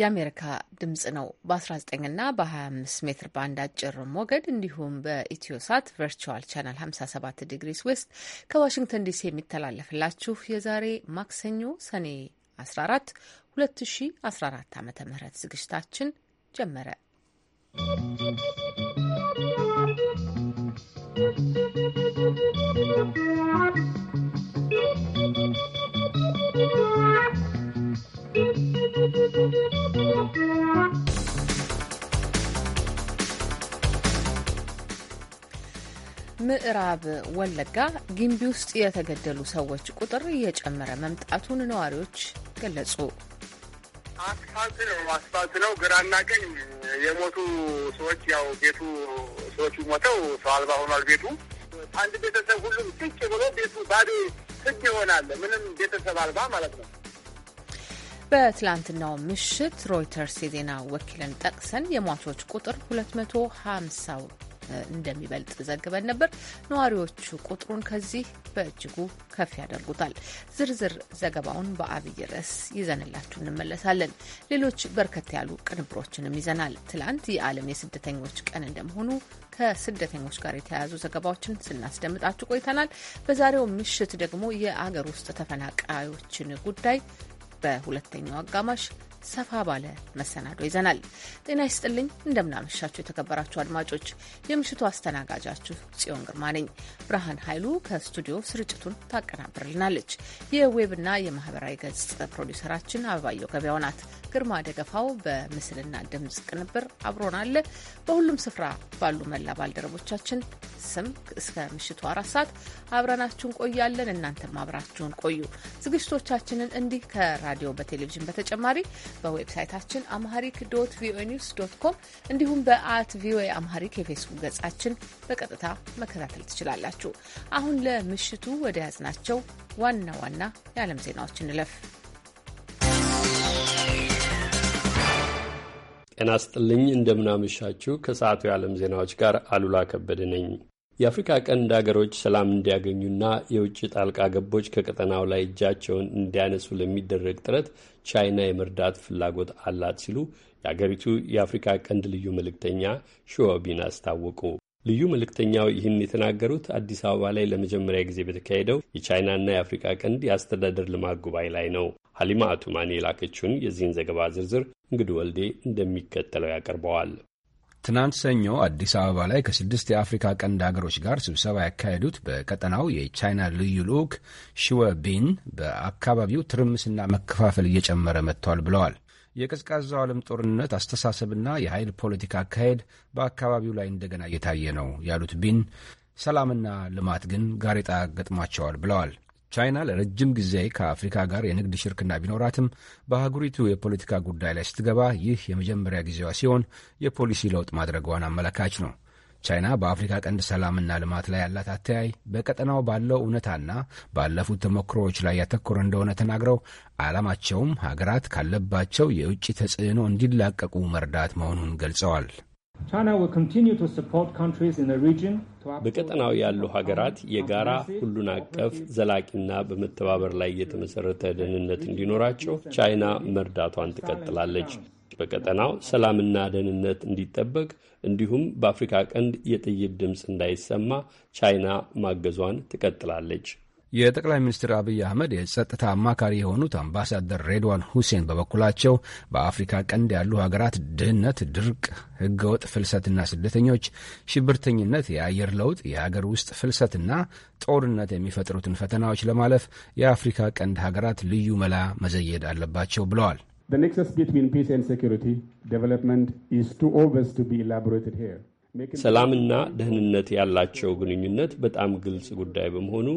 የአሜሪካ ድምጽ ነው። በ19 ና በ25 ሜትር ባንድ አጭር ሞገድ እንዲሁም በኢትዮሳት ቨርቹዋል ቻናል 57 ዲግሪስ ዌስት ከዋሽንግተን ዲሲ የሚተላለፍላችሁ የዛሬ ማክሰኞ ሰኔ 14 2014 ዓ ም ዝግጅታችን ጀመረ። ¶¶ ምዕራብ ወለጋ ግንቢ ውስጥ የተገደሉ ሰዎች ቁጥር እየጨመረ መምጣቱን ነዋሪዎች ገለጹ። አስፋልት ነው አስፋልት ነው፣ ግራና ቀኝ የሞቱ ሰዎች ያው ቤቱ ሰዎቹ ሞተው ሰው አልባ ሆኗል። ቤቱ አንድ ቤተሰብ ሁሉም ትጭ ብሎ ቤቱ ባዶ ትጭ ይሆናል። ምንም ቤተሰብ አልባ ማለት ነው። በትላንትናው ምሽት ሮይተርስ የዜና ወኪልን ጠቅሰን የሟቾች ቁጥር 250 እንደሚበልጥ ዘግበን ነበር። ነዋሪዎቹ ቁጥሩን ከዚህ በእጅጉ ከፍ ያደርጉታል። ዝርዝር ዘገባውን በአብይ ርዕስ ይዘንላችሁ እንመለሳለን። ሌሎች በርከት ያሉ ቅንብሮችንም ይዘናል። ትላንት የዓለም የስደተኞች ቀን እንደመሆኑ ከስደተኞች ጋር የተያያዙ ዘገባዎችን ስናስደምጣችሁ ቆይተናል። በዛሬው ምሽት ደግሞ የአገር ውስጥ ተፈናቃዮችን ጉዳይ በሁለተኛው አጋማሽ ሰፋ ባለ መሰናዶ ይዘናል። ጤና ይስጥልኝ፣ እንደምናመሻችሁ የተከበራችሁ አድማጮች፣ የምሽቱ አስተናጋጃችሁ ጽዮን ግርማ ነኝ። ብርሃን ኃይሉ ከስቱዲዮ ስርጭቱን ታቀናብርልናለች። የዌብና የማህበራዊ ገጽ ፕሮዲውሰራችን አበባየው ገበያው ናት። ግርማ ደገፋው በምስልና ድምፅ ቅንብር አብሮናለ። በሁሉም ስፍራ ባሉ መላ ባልደረቦቻችን ስም እስከ ምሽቱ አራት ሰዓት አብረናችሁን ቆያለን። እናንተም አብራችሁን ቆዩ። ዝግጅቶቻችንን እንዲህ ከራዲዮ በቴሌቪዥን በተጨማሪ በዌብሳይታችን አምሃሪክ ዶት ቪኦኤ ኒውስ ዶት ኮም እንዲሁም በአት ቪኦኤ አምሃሪክ የፌስቡክ ገጻችን በቀጥታ መከታተል ትችላላችሁ። አሁን ለምሽቱ ወደ ያዝናቸው ዋና ዋና የዓለም ዜናዎች እንለፍ። ጤና ስጥልኝ እንደምናመሻችሁ። ከሰዓቱ የዓለም ዜናዎች ጋር አሉላ ከበደ ነኝ። የአፍሪካ ቀንድ አገሮች ሰላም እንዲያገኙና የውጭ ጣልቃ ገቦች ከቀጠናው ላይ እጃቸውን እንዲያነሱ ለሚደረግ ጥረት ቻይና የመርዳት ፍላጎት አላት ሲሉ የአገሪቱ የአፍሪካ ቀንድ ልዩ መልእክተኛ ሾቢን አስታወቁ። ልዩ መልእክተኛው ይህን የተናገሩት አዲስ አበባ ላይ ለመጀመሪያ ጊዜ በተካሄደው የቻይናና የአፍሪካ ቀንድ የአስተዳደር ልማት ጉባኤ ላይ ነው። ሀሊማ አቱማኒ የላከችውን የዚህን ዘገባ ዝርዝር እንግዲህ ወልዴ እንደሚከተለው ያቀርበዋል። ትናንት ሰኞ አዲስ አበባ ላይ ከስድስት የአፍሪካ ቀንድ ሀገሮች ጋር ስብሰባ ያካሄዱት በቀጠናው የቻይና ልዩ ልዑክ ሽወ ቢን በአካባቢው ትርምስና መከፋፈል እየጨመረ መጥቷል ብለዋል። የቀዝቃዛው ዓለም ጦርነት አስተሳሰብና የኃይል ፖለቲካ አካሄድ በአካባቢው ላይ እንደገና እየታየ ነው ያሉት ቢን ሰላምና ልማት ግን ጋሬጣ ገጥሟቸዋል ብለዋል። ቻይና ለረጅም ጊዜ ከአፍሪካ ጋር የንግድ ሽርክና ቢኖራትም በአህጉሪቱ የፖለቲካ ጉዳይ ላይ ስትገባ ይህ የመጀመሪያ ጊዜዋ ሲሆን የፖሊሲ ለውጥ ማድረጓን አመላካች ነው። ቻይና በአፍሪካ ቀንድ ሰላምና ልማት ላይ ያላት አተያይ በቀጠናው ባለው እውነታና ባለፉት ተሞክሮዎች ላይ ያተኮረ እንደሆነ ተናግረው ዓላማቸውም ሀገራት ካለባቸው የውጭ ተጽዕኖ እንዲላቀቁ መርዳት መሆኑን ገልጸዋል። በቀጠናው ያሉ ሀገራት የጋራ ሁሉን አቀፍ ዘላቂና በመተባበር ላይ የተመሰረተ ደህንነት እንዲኖራቸው ቻይና መርዳቷን ትቀጥላለች። በቀጠናው ሰላምና ደህንነት እንዲጠበቅ እንዲሁም በአፍሪካ ቀንድ የጥይት ድምፅ እንዳይሰማ ቻይና ማገዟን ትቀጥላለች። የጠቅላይ ሚኒስትር አብይ አህመድ የጸጥታ አማካሪ የሆኑት አምባሳደር ሬድዋን ሁሴን በበኩላቸው በአፍሪካ ቀንድ ያሉ ሀገራት ድህነት፣ ድርቅ፣ ህገወጥ ፍልሰትና ስደተኞች፣ ሽብርተኝነት፣ የአየር ለውጥ፣ የሀገር ውስጥ ፍልሰትና ጦርነት የሚፈጥሩትን ፈተናዎች ለማለፍ የአፍሪካ ቀንድ ሀገራት ልዩ መላ መዘየድ አለባቸው ብለዋል። ሰላምና ደህንነት ያላቸው ግንኙነት በጣም ግልጽ ጉዳይ በመሆኑ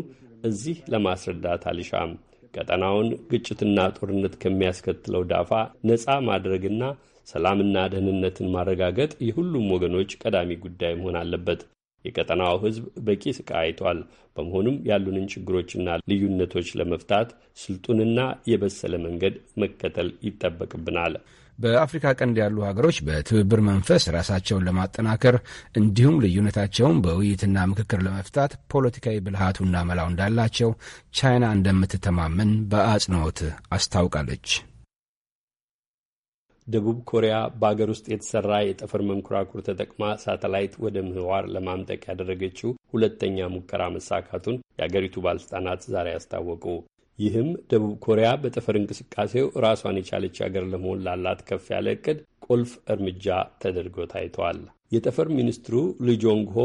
እዚህ ለማስረዳት አልሻም። ቀጠናውን ግጭትና ጦርነት ከሚያስከትለው ዳፋ ነፃ ማድረግና ሰላምና ደህንነትን ማረጋገጥ የሁሉም ወገኖች ቀዳሚ ጉዳይ መሆን አለበት። የቀጠናው ሕዝብ በቂ ስቃ አይቷል። በመሆኑም ያሉንን ችግሮችና ልዩነቶች ለመፍታት ስልጡንና የበሰለ መንገድ መከተል ይጠበቅብናል። በአፍሪካ ቀንድ ያሉ ሀገሮች በትብብር መንፈስ ራሳቸውን ለማጠናከር እንዲሁም ልዩነታቸውን በውይይትና ምክክር ለመፍታት ፖለቲካዊ ብልሃቱና መላው እንዳላቸው ቻይና እንደምትተማመን በአጽንኦት አስታውቃለች። ደቡብ ኮሪያ በአገር ውስጥ የተሰራ የጠፈር መንኮራኩር ተጠቅማ ሳተላይት ወደ ምህዋር ለማምጠቅ ያደረገችው ሁለተኛ ሙከራ መሳካቱን የአገሪቱ ባለስልጣናት ዛሬ አስታወቁ። ይህም ደቡብ ኮሪያ በጠፈር እንቅስቃሴው ራሷን የቻለች አገር ለመሆን ላላት ከፍ ያለ እቅድ ቁልፍ እርምጃ ተደርጎ ታይተዋል። የጠፈር ሚኒስትሩ ሊጆንግሆ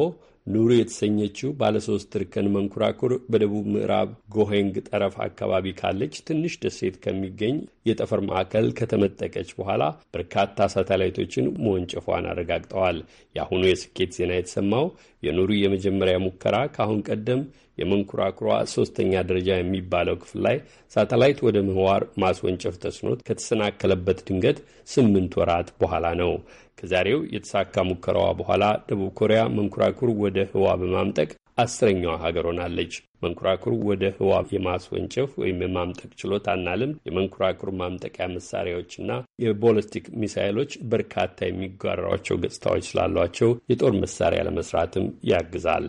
ኑሩ የተሰኘችው ባለሶስት እርከን መንኮራኩር በደቡብ ምዕራብ ጎሄንግ ጠረፍ አካባቢ ካለች ትንሽ ደሴት ከሚገኝ የጠፈር ማዕከል ከተመጠቀች በኋላ በርካታ ሳተላይቶችን መወንጨፏን አረጋግጠዋል። የአሁኑ የስኬት ዜና የተሰማው የኑሩ የመጀመሪያ ሙከራ ከአሁን ቀደም የመንኮራኩሯ ሶስተኛ ደረጃ የሚባለው ክፍል ላይ ሳተላይት ወደ ምህዋር ማስወንጨፍ ተስኖት ከተሰናከለበት ድንገት ስምንት ወራት በኋላ ነው። ከዛሬው የተሳካ ሙከራዋ በኋላ ደቡብ ኮሪያ መንኮራኩር ወደ ህዋ በማምጠቅ አስረኛዋ ሀገር ሆናለች። መንኮራኩር ወደ ህዋ የማስወንጨፍ ወይም የማምጠቅ ችሎታና ልምድ የመንኮራኩር ማምጠቂያ መሳሪያዎችና የቦለስቲክ ሚሳይሎች በርካታ የሚጓራቸው ገጽታዎች ስላሏቸው የጦር መሳሪያ ለመስራትም ያግዛል።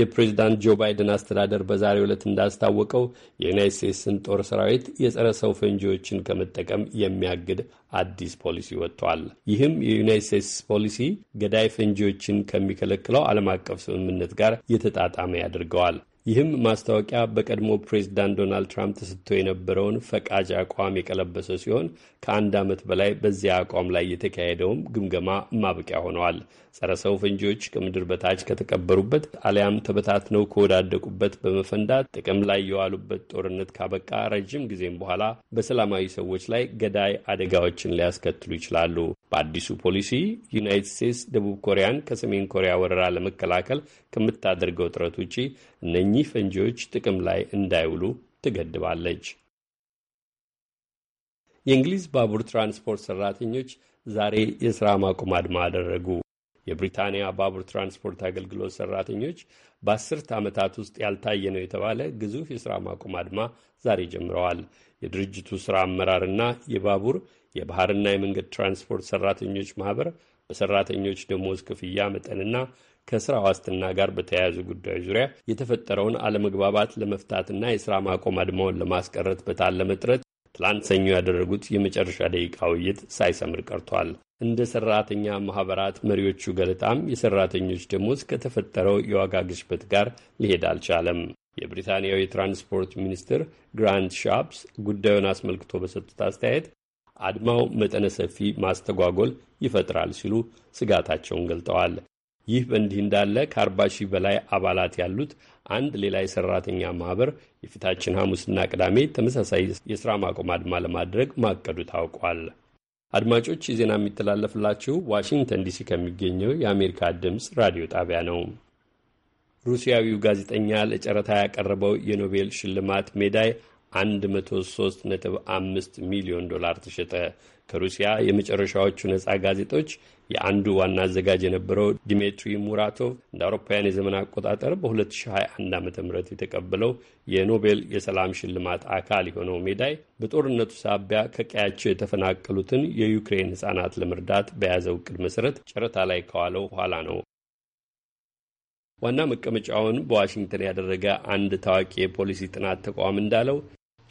የፕሬዚዳንት ጆ ባይደን አስተዳደር በዛሬው ዕለት እንዳስታወቀው የዩናይት ስቴትስን ጦር ሰራዊት የጸረ ሰው ፈንጂዎችን ከመጠቀም የሚያግድ አዲስ ፖሊሲ ወጥቷል። ይህም የዩናይት ስቴትስ ፖሊሲ ገዳይ ፈንጂዎችን ከሚከለክለው ዓለም አቀፍ ስምምነት ጋር የተጣጣመ ያደርገዋል። ይህም ማስታወቂያ በቀድሞ ፕሬዚዳንት ዶናልድ ትራምፕ ተሰጥቶ የነበረውን ፈቃጅ አቋም የቀለበሰ ሲሆን ከአንድ ዓመት በላይ በዚያ አቋም ላይ የተካሄደውም ግምገማ ማብቂያ ሆነዋል። ጸረ ሰው ፈንጂዎች ከምድር በታች ከተቀበሩበት አሊያም ተበታትነው ከወዳደቁበት በመፈንዳት ጥቅም ላይ የዋሉበት ጦርነት ካበቃ ረዥም ጊዜም በኋላ በሰላማዊ ሰዎች ላይ ገዳይ አደጋዎችን ሊያስከትሉ ይችላሉ። በአዲሱ ፖሊሲ ዩናይትድ ስቴትስ ደቡብ ኮሪያን ከሰሜን ኮሪያ ወረራ ለመከላከል ከምታደርገው ጥረት ውጪ እነኚህ ፈንጂዎች ጥቅም ላይ እንዳይውሉ ትገድባለች። የእንግሊዝ ባቡር ትራንስፖርት ሰራተኞች ዛሬ የሥራ ማቆም አድማ አደረጉ። የብሪታንያ ባቡር ትራንስፖርት አገልግሎት ሰራተኞች በአስርት ዓመታት ውስጥ ያልታየ ነው የተባለ ግዙፍ የሥራ ማቆም አድማ ዛሬ ጀምረዋል። የድርጅቱ ሥራ አመራርና የባቡር የባህርና የመንገድ ትራንስፖርት ሠራተኞች ማኅበር በሠራተኞች ደሞዝ ክፍያ መጠንና ከሥራ ዋስትና ጋር በተያያዙ ጉዳዮች ዙሪያ የተፈጠረውን አለመግባባት ለመፍታትና የሥራ ማቆም አድማውን ለማስቀረት በታለመ ጥረት ትላንት ሰኞ ያደረጉት የመጨረሻ ደቂቃ ውይይት ሳይሰምር ቀርቷል። እንደ ሠራተኛ ማኅበራት መሪዎቹ ገለጣም የሠራተኞች ደሞዝ ከተፈጠረው የዋጋ ግሽበት ጋር ሊሄድ አልቻለም። የብሪታንያው የትራንስፖርት ሚኒስትር ግራንት ሻፕስ ጉዳዩን አስመልክቶ በሰጡት አስተያየት አድማው መጠነ ሰፊ ማስተጓጎል ይፈጥራል ሲሉ ስጋታቸውን ገልጠዋል። ይህ በእንዲህ እንዳለ ከአርባ ሺህ በላይ አባላት ያሉት አንድ ሌላ የሰራተኛ ማህበር የፊታችን ሐሙስና ቅዳሜ ተመሳሳይ የሥራ ማቆም አድማ ለማድረግ ማቀዱ ታውቋል። አድማጮች፣ ዜና የሚተላለፍላችሁ ዋሽንግተን ዲሲ ከሚገኘው የአሜሪካ ድምፅ ራዲዮ ጣቢያ ነው። ሩሲያዊው ጋዜጠኛ ለጨረታ ያቀረበው የኖቤል ሽልማት ሜዳይ 103.5 ሚሊዮን ዶላር ተሸጠ። ከሩሲያ የመጨረሻዎቹ ነፃ ጋዜጦች የአንዱ ዋና አዘጋጅ የነበረው ዲሜትሪ ሙራቶቭ እንደ አውሮፓውያን የዘመን አቆጣጠር በ2021 ዓ ም የተቀበለው የኖቤል የሰላም ሽልማት አካል የሆነው ሜዳይ በጦርነቱ ሳቢያ ከቀያቸው የተፈናቀሉትን የዩክሬን ሕፃናት ለመርዳት በያዘው እቅድ መሠረት ጨረታ ላይ ከዋለው በኋላ ነው ዋና መቀመጫውን በዋሽንግተን ያደረገ አንድ ታዋቂ የፖሊሲ ጥናት ተቋም እንዳለው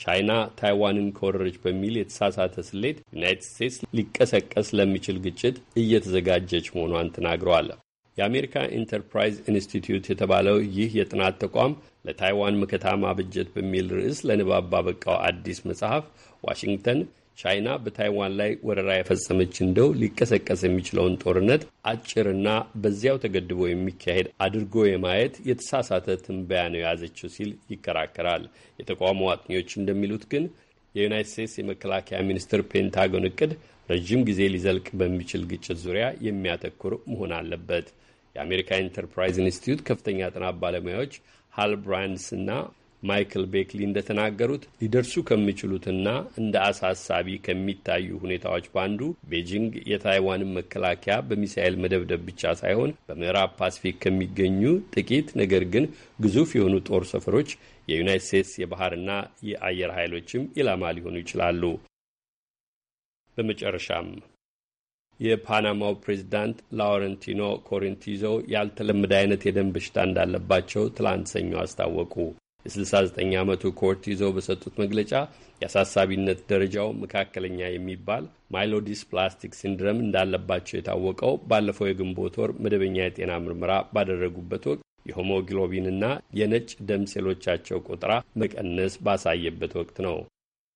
ቻይና ታይዋንን ከወረረች በሚል የተሳሳተ ስሌት ዩናይትድ ስቴትስ ሊቀሰቀስ ለሚችል ግጭት እየተዘጋጀች መሆኗን ተናግረዋል። የአሜሪካ ኢንተርፕራይዝ ኢንስቲትዩት የተባለው ይህ የጥናት ተቋም ለታይዋን መከታ ብጀት በሚል ርዕስ ለንባብ ባበቃው አዲስ መጽሐፍ ዋሽንግተን ቻይና በታይዋን ላይ ወረራ የፈጸመች እንደው ሊቀሰቀስ የሚችለውን ጦርነት አጭርና በዚያው ተገድቦ የሚካሄድ አድርጎ የማየት የተሳሳተ ትንበያ ነው የያዘችው ሲል ይከራከራል። የተቋሙ አጥኚዎች እንደሚሉት ግን የዩናይት ስቴትስ የመከላከያ ሚኒስትር ፔንታጎን እቅድ ረዥም ጊዜ ሊዘልቅ በሚችል ግጭት ዙሪያ የሚያተኩር መሆን አለበት። የአሜሪካ ኢንተርፕራይዝ ኢንስቲትዩት ከፍተኛ ጥናት ባለሙያዎች ሃልብራንድስ እና ማይክል ቤክሊ እንደተናገሩት ሊደርሱ ከሚችሉትና እንደ አሳሳቢ ከሚታዩ ሁኔታዎች በአንዱ ቤጂንግ የታይዋንን መከላከያ በሚሳኤል መደብደብ ብቻ ሳይሆን በምዕራብ ፓሲፊክ ከሚገኙ ጥቂት ነገር ግን ግዙፍ የሆኑ ጦር ሰፈሮች የዩናይት ስቴትስ የባህርና የአየር ኃይሎችም ኢላማ ሊሆኑ ይችላሉ። በመጨረሻም የፓናማው ፕሬዚዳንት ላውረንቲኖ ኮሪንቲዞ ያልተለመደ አይነት የደም በሽታ እንዳለባቸው ትላንት ሰኞ አስታወቁ። የ69 ዓመቱ ኮርት ይዘው በሰጡት መግለጫ የአሳሳቢነት ደረጃው መካከለኛ የሚባል ማይሎዲስ ፕላስቲክ ሲንድረም እንዳለባቸው የታወቀው ባለፈው የግንቦት ወር መደበኛ የጤና ምርመራ ባደረጉበት ወቅት የሆሞግሎቢንና የነጭ ደም ሴሎቻቸው ቁጥራ መቀነስ ባሳየበት ወቅት ነው።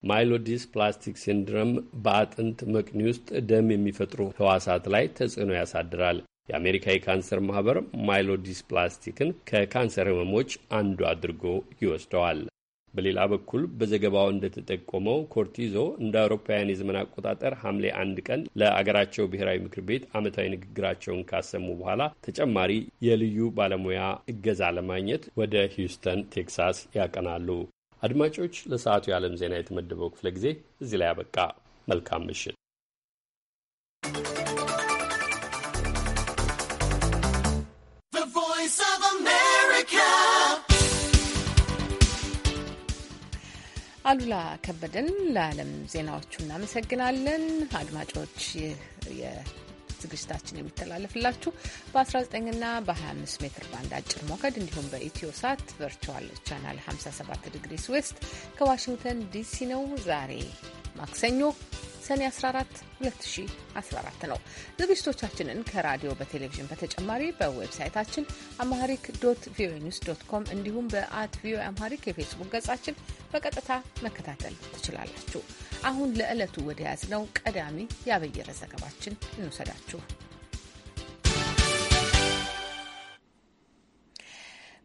ማይሎዲስ ፕላስቲክ ሲንድረም በአጥንት መቅኒ ውስጥ ደም የሚፈጥሩ ህዋሳት ላይ ተጽዕኖ ያሳድራል። የአሜሪካ የካንሰር ማህበር ማይሎዲስፕላስቲክን ከካንሰር ህመሞች አንዱ አድርጎ ይወስደዋል። በሌላ በኩል በዘገባው እንደተጠቆመው ኮርቲዞ እንደ አውሮፓውያን የዘመን አቆጣጠር ሐምሌ አንድ ቀን ለአገራቸው ብሔራዊ ምክር ቤት ዓመታዊ ንግግራቸውን ካሰሙ በኋላ ተጨማሪ የልዩ ባለሙያ እገዛ ለማግኘት ወደ ሂውስተን ቴክሳስ ያቀናሉ። አድማጮች፣ ለሰዓቱ የዓለም ዜና የተመደበው ክፍለ ጊዜ እዚህ ላይ አበቃ። መልካም ምሽት። አሉላ ከበደን ለዓለም ዜናዎቹ እናመሰግናለን። አድማጮች ዝግጅታችን የሚተላለፍላችሁ በ19ና በ25 ሜትር ባንድ አጭር ሞገድ እንዲሁም በኢትዮ ሳት ቨርቹዋል ቻናል 57 ዲግሪ ስዌስት ከዋሽንግተን ዲሲ ነው። ዛሬ ማክሰኞ ሰኔ 14 2014 ነው። ዝግጅቶቻችንን ከራዲዮ በቴሌቪዥን በተጨማሪ በዌብሳይታችን አማሪክ ዶት ቪኦኤ ኒውስ ዶት ኮም እንዲሁም በአት ቪኦኤ አማሪክ የፌስቡክ ገጻችን በቀጥታ መከታተል ትችላላችሁ። አሁን ለዕለቱ ወደ ያዝነው ቀዳሚ ያበየረ ዘገባችን እንውሰዳችሁ።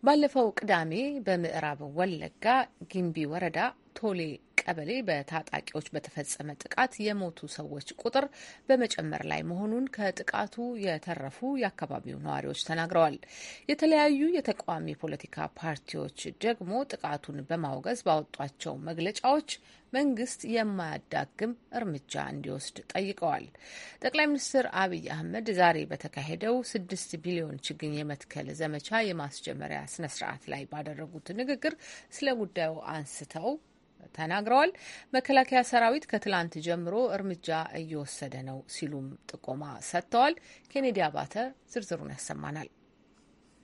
ባለፈው ቅዳሜ በምዕራብ ወለጋ ጊምቢ ወረዳ ቶሌ ቀበሌ በታጣቂዎች በተፈጸመ ጥቃት የሞቱ ሰዎች ቁጥር በመጨመር ላይ መሆኑን ከጥቃቱ የተረፉ የአካባቢው ነዋሪዎች ተናግረዋል። የተለያዩ የተቃዋሚ ፖለቲካ ፓርቲዎች ደግሞ ጥቃቱን በማውገዝ ባወጧቸው መግለጫዎች መንግስት የማያዳግም እርምጃ እንዲወስድ ጠይቀዋል። ጠቅላይ ሚኒስትር አብይ አህመድ ዛሬ በተካሄደው ስድስት ቢሊዮን ችግኝ የመትከል ዘመቻ የማስጀመሪያ ስነስርዓት ላይ ባደረጉት ንግግር ስለ ጉዳዩ አንስተው ተናግረዋል። መከላከያ ሰራዊት ከትላንት ጀምሮ እርምጃ እየወሰደ ነው ሲሉም ጥቆማ ሰጥተዋል። ኬኔዲ አባተ ዝርዝሩን ያሰማናል።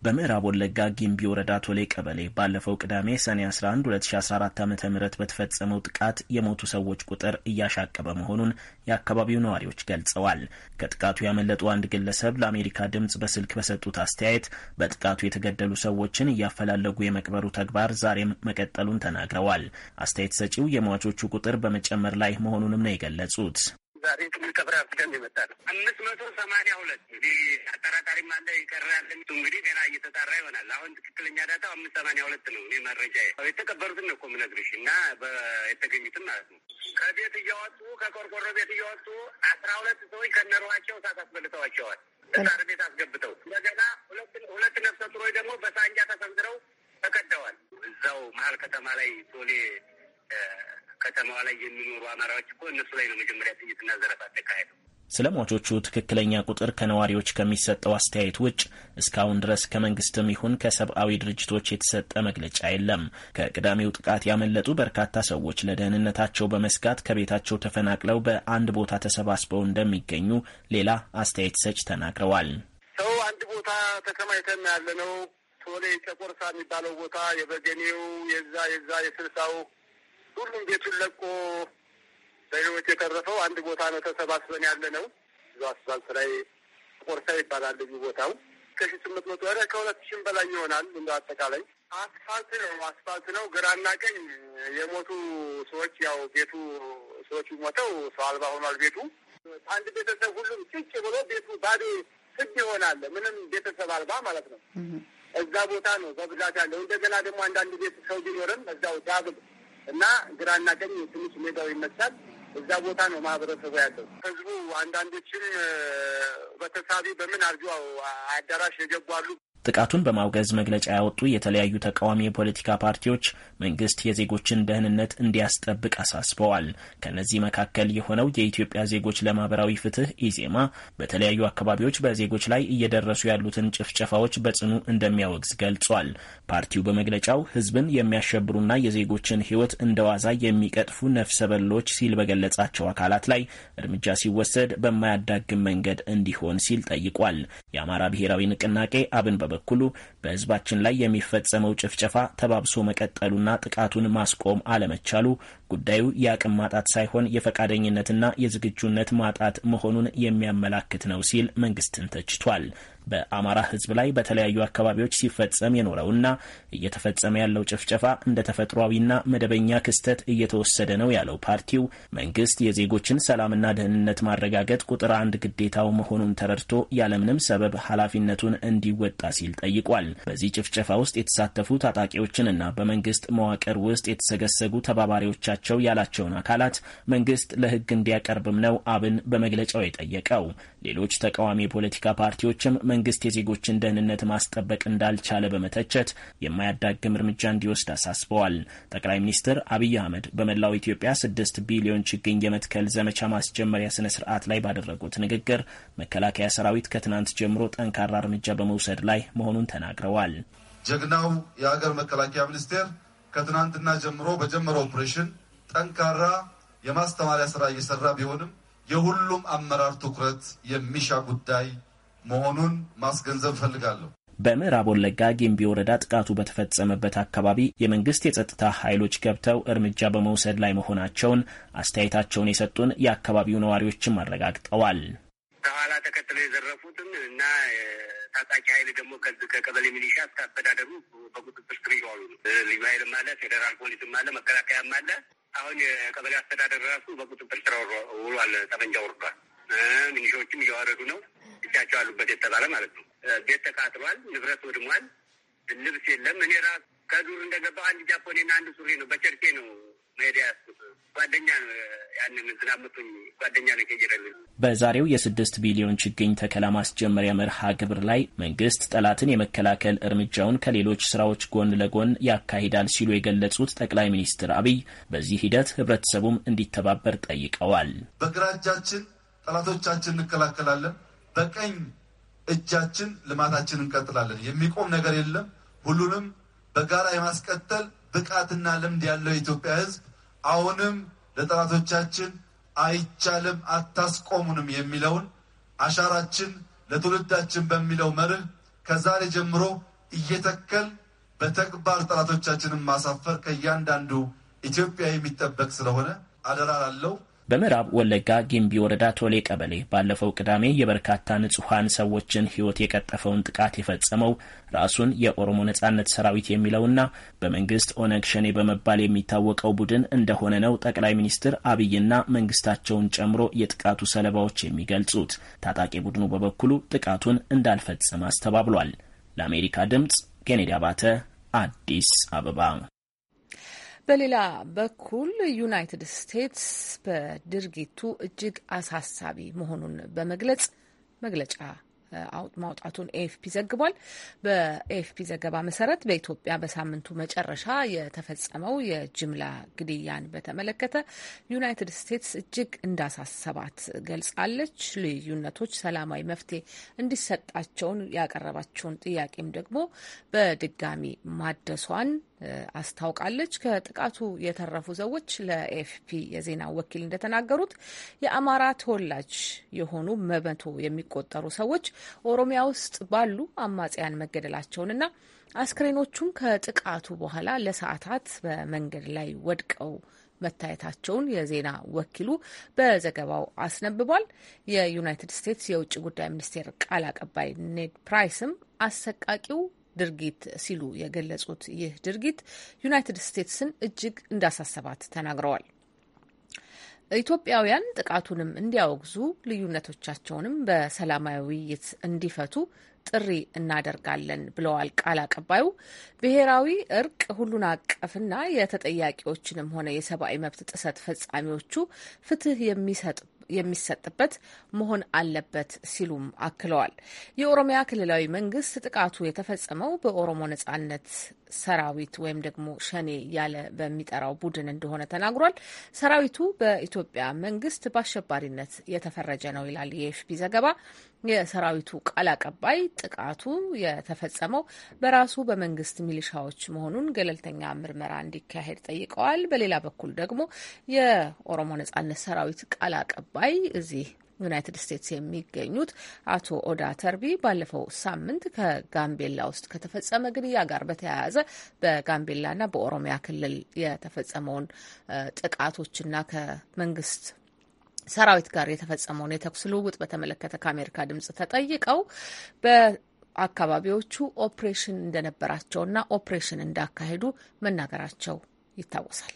በምዕራብ ወለጋ ጊምቢ ወረዳ ቶሌ ቀበሌ ባለፈው ቅዳሜ ሰኔ 11 2014 ዓ ም በተፈጸመው ጥቃት የሞቱ ሰዎች ቁጥር እያሻቀበ መሆኑን የአካባቢው ነዋሪዎች ገልጸዋል። ከጥቃቱ ያመለጡ አንድ ግለሰብ ለአሜሪካ ድምፅ በስልክ በሰጡት አስተያየት በጥቃቱ የተገደሉ ሰዎችን እያፈላለጉ የመቅበሩ ተግባር ዛሬም መቀጠሉን ተናግረዋል። አስተያየት ሰጪው የሟቾቹ ቁጥር በመጨመር ላይ መሆኑንም ነው የገለጹት። ዛሬ ክልል ከፍራ አስገን የመጣ አምስት መቶ ሰማንያ ሁለት እንግዲህ አጠራጣሪም አለ ይቀራል። እንግዲህ ገና እየተጣራ ይሆናል። አሁን ትክክለኛ ዳታ አምስት ሰማንያ ሁለት ነው። እኔ መረጃ የተቀበሩትን ነው እኮ የምነግርሽ እና የተገኙትን ማለት ነው ከቤት እያወጡ ከቆርቆሮ ቤት እያወጡ አስራ ሁለት ሰዎች ከነሯቸው እሳት አስበልተዋቸዋል። እሳር ቤት አስገብተው እንደገና ሁለት ነፍሰ ጡሮች ደግሞ በሳንጃ ተሰንዝረው ተቀደዋል። እዛው መሀል ከተማ ላይ ቶሌ ከተማዋ ላይ የሚኖሩ አማራዎች እኮ እነሱ ላይ ነው መጀመሪያ ጥይትና ዘረፋ ተካሄዱ። ስለ ሟቾቹ ትክክለኛ ቁጥር ከነዋሪዎች ከሚሰጠው አስተያየት ውጭ እስካሁን ድረስ ከመንግስትም ይሁን ከሰብአዊ ድርጅቶች የተሰጠ መግለጫ የለም። ከቅዳሜው ጥቃት ያመለጡ በርካታ ሰዎች ለደህንነታቸው በመስጋት ከቤታቸው ተፈናቅለው በአንድ ቦታ ተሰባስበው እንደሚገኙ ሌላ አስተያየት ሰጭ ተናግረዋል። ሰው አንድ ቦታ ተከማይተን ያለ ነው። ቶሌ ጨቆርሳ የሚባለው ቦታ የበገኔው የዛ የዛ የስልሳው ሁሉም ቤቱን ለቆ በህይወት የተረፈው አንድ ቦታ ነው። ተሰባስበን ያለ ነው። እዛ አስፋልት ላይ ቆርሳ ይባላል ልዩ ቦታው ከሺ ስምንት መቶ ወደ ከሁለት ሺም በላይ ይሆናል። እንደ አጠቃላይ አስፋልት ነው አስፋልት ነው። ግራና ቀኝ የሞቱ ሰዎች ያው ቤቱ ሰዎች ሞተው ሰው አልባ ሆኗል ቤቱ። አንድ ቤተሰብ ሁሉም ጭጭ ብሎ ቤቱ ባዶ ስድ ይሆናል። ምንም ቤተሰብ አልባ ማለት ነው። እዛ ቦታ ነው በብዛት ያለው። እንደገና ደግሞ አንዳንድ ቤት ሰው ቢኖርም እዛው ዳብል እና ግራና ቀኝ ትንሽ ሜዳው ይመስላል እዛ ቦታ ነው ማህበረሰቡ ያለው። ህዝቡ አንዳንዶችም በተሳቢ በምን አድርገው አዳራሽ የገቡ አሉ። ጥቃቱን በማውገዝ መግለጫ ያወጡ የተለያዩ ተቃዋሚ የፖለቲካ ፓርቲዎች መንግስት የዜጎችን ደህንነት እንዲያስጠብቅ አሳስበዋል። ከነዚህ መካከል የሆነው የኢትዮጵያ ዜጎች ለማህበራዊ ፍትህ ኢዜማ በተለያዩ አካባቢዎች በዜጎች ላይ እየደረሱ ያሉትን ጭፍጨፋዎች በጽኑ እንደሚያወግዝ ገልጿል። ፓርቲው በመግለጫው ህዝብን የሚያሸብሩና የዜጎችን ህይወት እንደ ዋዛ የሚቀጥፉ ነፍሰ በሎች ሲል በገለጻቸው አካላት ላይ እርምጃ ሲወሰድ በማያዳግም መንገድ እንዲሆን ሲል ጠይቋል። የአማራ ብሔራዊ ንቅናቄ አብን በበኩሉ በህዝባችን ላይ የሚፈጸመው ጭፍጨፋ ተባብሶ መቀጠሉና ጥቃቱን ማስቆም አለመቻሉ ጉዳዩ የአቅም ማጣት ሳይሆን የፈቃደኝነትና የዝግጁነት ማጣት መሆኑን የሚያመላክት ነው ሲል መንግስትን ተችቷል። በአማራ ህዝብ ላይ በተለያዩ አካባቢዎች ሲፈጸም የኖረውና እየተፈጸመ ያለው ጭፍጨፋ እንደ ተፈጥሯዊና መደበኛ ክስተት እየተወሰደ ነው ያለው ፓርቲው መንግስት የዜጎችን ሰላምና ደህንነት ማረጋገጥ ቁጥር አንድ ግዴታው መሆኑን ተረድቶ ያለምንም ሰበብ ኃላፊነቱን እንዲወጣ ሲል ጠይቋል። በዚህ ጭፍጨፋ ውስጥ የተሳተፉ ታጣቂዎችንና በመንግስት መዋቅር ውስጥ የተሰገሰጉ ተባባሪዎቻቸው ያላቸውን አካላት መንግስት ለህግ እንዲያቀርብም ነው አብን በመግለጫው የጠየቀው። ሌሎች ተቃዋሚ የፖለቲካ ፓርቲዎችም መንግስት የዜጎችን ደህንነት ማስጠበቅ እንዳልቻለ በመተቸት የማያዳግም እርምጃ እንዲወስድ አሳስበዋል። ጠቅላይ ሚኒስትር አብይ አህመድ በመላው ኢትዮጵያ ስድስት ቢሊዮን ችግኝ የመትከል ዘመቻ ማስጀመሪያ ስነ ስርዓት ላይ ባደረጉት ንግግር መከላከያ ሰራዊት ከትናንት ጀምሮ ጠንካራ እርምጃ በመውሰድ ላይ መሆኑን ተናግረዋል። ጀግናው የሀገር መከላከያ ሚኒስቴር ከትናንትና ጀምሮ በጀመረ ኦፕሬሽን ጠንካራ የማስተማሪያ ስራ እየሰራ ቢሆንም የሁሉም አመራር ትኩረት የሚሻ ጉዳይ መሆኑን ማስገንዘብ እፈልጋለሁ። በምዕራብ ወለጋ ጊምቢ ወረዳ ጥቃቱ በተፈጸመበት አካባቢ የመንግስት የጸጥታ ኃይሎች ገብተው እርምጃ በመውሰድ ላይ መሆናቸውን አስተያየታቸውን የሰጡን የአካባቢው ነዋሪዎችም አረጋግጠዋል። ከኋላ ተከትለው የዘረፉትን እና ታጣቂ ኃይል ደግሞ ከዚህ ከቀበሌ ሚሊሻ እስከ አስተዳደሩ በቁጥጥር ስር ይዋሉ ነው። ልዩ ኃይልም አለ፣ ፌዴራል ፖሊስም አለ፣ መከላከያም አለ። አሁን የቀበሌ አስተዳደር ራሱ በቁጥጥር ስር ውሏል። ጠመንጃ ወርዷል። ሚኒሻዎችም እያወረዱ ነው። እጃቸው አሉበት የተባለ ማለት ነው። ቤት ተቃጥሏል፣ ንብረት ወድሟል፣ ልብስ የለም። እኔ ራሱ ከዱር እንደገባሁ አንድ ጃፖኔና አንድ ሱሪ ነው በቸርኬ ነው መሄድ ጓደኛ ነው ያንን ዝናምቱኝ ጓደኛ ነው በዛሬው የስድስት ቢሊዮን ችግኝ ተከላ ማስጀመሪያ መርሃ ግብር ላይ መንግስት ጠላትን የመከላከል እርምጃውን ከሌሎች ስራዎች ጎን ለጎን ያካሂዳል ሲሉ የገለጹት ጠቅላይ ሚኒስትር አብይ በዚህ ሂደት ህብረተሰቡም እንዲተባበር ጠይቀዋል። በግራ እጃችን ጠላቶቻችን እንከላከላለን፣ በቀኝ እጃችን ልማታችን እንቀጥላለን። የሚቆም ነገር የለም። ሁሉንም በጋራ የማስቀጠል ብቃትና ልምድ ያለው የኢትዮጵያ ሕዝብ አሁንም ለጠላቶቻችን አይቻልም፣ አታስቆሙንም የሚለውን አሻራችን ለትውልዳችን በሚለው መርህ ከዛሬ ጀምሮ እየተከል በተግባር ጠላቶቻችንን ማሳፈር ከእያንዳንዱ ኢትዮጵያ የሚጠበቅ ስለሆነ አደራ ላለው በምዕራብ ወለጋ ጊምቢ ወረዳ ቶሌ ቀበሌ ባለፈው ቅዳሜ የበርካታ ንጹሐን ሰዎችን ሕይወት የቀጠፈውን ጥቃት የፈጸመው ራሱን የኦሮሞ ነጻነት ሰራዊት የሚለውና በመንግስት ኦነግ ሸኔ በመባል የሚታወቀው ቡድን እንደሆነ ነው ጠቅላይ ሚኒስትር አብይና መንግስታቸውን ጨምሮ የጥቃቱ ሰለባዎች የሚገልጹት። ታጣቂ ቡድኑ በበኩሉ ጥቃቱን እንዳልፈጸመ አስተባብሏል። ለአሜሪካ ድምጽ ኬኔዲ አባተ አዲስ አበባ በሌላ በኩል ዩናይትድ ስቴትስ በድርጊቱ እጅግ አሳሳቢ መሆኑን በመግለጽ መግለጫ ማውጣቱን ኤኤፍፒ ዘግቧል። በኤኤፍፒ ዘገባ መሰረት በኢትዮጵያ በሳምንቱ መጨረሻ የተፈጸመው የጅምላ ግድያን በተመለከተ ዩናይትድ ስቴትስ እጅግ እንዳሳሰባት ገልጻለች። ልዩነቶች ሰላማዊ መፍትሄ እንዲሰጣቸውን ያቀረባቸውን ጥያቄም ደግሞ በድጋሚ ማደሷን አስታውቃለች። ከጥቃቱ የተረፉ ሰዎች ለኤፍፒ የዜና ወኪል እንደተናገሩት የአማራ ተወላጅ የሆኑ መቶ የሚቆጠሩ ሰዎች ኦሮሚያ ውስጥ ባሉ አማጽያን መገደላቸውንና አስክሬኖቹም ከጥቃቱ በኋላ ለሰዓታት በመንገድ ላይ ወድቀው መታየታቸውን የዜና ወኪሉ በዘገባው አስነብቧል። የዩናይትድ ስቴትስ የውጭ ጉዳይ ሚኒስቴር ቃል አቀባይ ኔድ ፕራይስም አሰቃቂው ድርጊት ሲሉ የገለጹት ይህ ድርጊት ዩናይትድ ስቴትስን እጅግ እንዳሳሰባት ተናግረዋል። ኢትዮጵያውያን ጥቃቱንም እንዲያወግዙ ልዩነቶቻቸውንም በሰላማዊ ውይይት እንዲፈቱ ጥሪ እናደርጋለን ብለዋል ቃል አቀባዩ። ብሔራዊ እርቅ ሁሉን አቀፍና የተጠያቂዎችንም ሆነ የሰብአዊ መብት ጥሰት ፈጻሚዎቹ ፍትህ የሚሰጥ የሚሰጥበት መሆን አለበት ሲሉም አክለዋል። የኦሮሚያ ክልላዊ መንግስት ጥቃቱ የተፈጸመው በኦሮሞ ነጻነት ሰራዊት ወይም ደግሞ ሸኔ ያለ በሚጠራው ቡድን እንደሆነ ተናግሯል። ሰራዊቱ በኢትዮጵያ መንግስት በአሸባሪነት የተፈረጀ ነው ይላል የኤፍፒ ዘገባ። የሰራዊቱ ቃል አቀባይ ጥቃቱ የተፈጸመው በራሱ በመንግስት ሚሊሻዎች መሆኑን ገለልተኛ ምርመራ እንዲካሄድ ጠይቀዋል። በሌላ በኩል ደግሞ የኦሮሞ ነጻነት ሰራዊት ቃል አቀባይ እዚህ ዩናይትድ ስቴትስ የሚገኙት አቶ ኦዳ ተርቢ ባለፈው ሳምንት ከጋምቤላ ውስጥ ከተፈጸመ ግድያ ጋር በተያያዘ በጋምቤላና በኦሮሚያ ክልል የተፈጸመውን ጥቃቶችና ከመንግስት ሰራዊት ጋር የተፈጸመውን የተኩስ ልውውጥ በተመለከተ ከአሜሪካ ድምጽ ተጠይቀው በአካባቢዎቹ ኦፕሬሽን እንደነበራቸውና ኦፕሬሽን እንዳካሄዱ መናገራቸው ይታወሳል።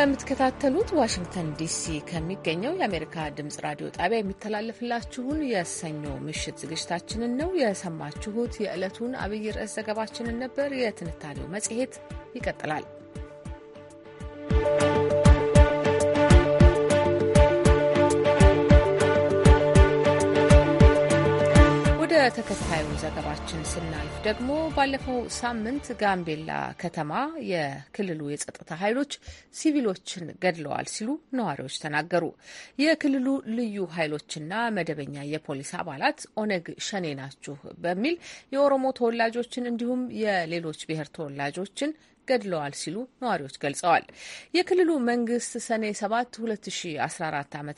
የምትከታተሉት ዋሽንግተን ዲሲ ከሚገኘው የአሜሪካ ድምጽ ራዲዮ ጣቢያ የሚተላለፍላችሁን የሰኞ ምሽት ዝግጅታችንን ነው የሰማችሁት። የዕለቱን አብይ ርዕስ ዘገባችንን ነበር። የትንታኔው መጽሔት ይቀጥላል። ወደ ተከታዩ ዘገባችን ስናልፍ ደግሞ ባለፈው ሳምንት ጋምቤላ ከተማ የክልሉ የጸጥታ ኃይሎች ሲቪሎችን ገድለዋል ሲሉ ነዋሪዎች ተናገሩ። የክልሉ ልዩ ኃይሎችና መደበኛ የፖሊስ አባላት ኦነግ ሸኔ ናችሁ በሚል የኦሮሞ ተወላጆችን እንዲሁም የሌሎች ብሔር ተወላጆችን ገድለዋል ሲሉ ነዋሪዎች ገልጸዋል። የክልሉ መንግስት ሰኔ 7 2014 ዓ ም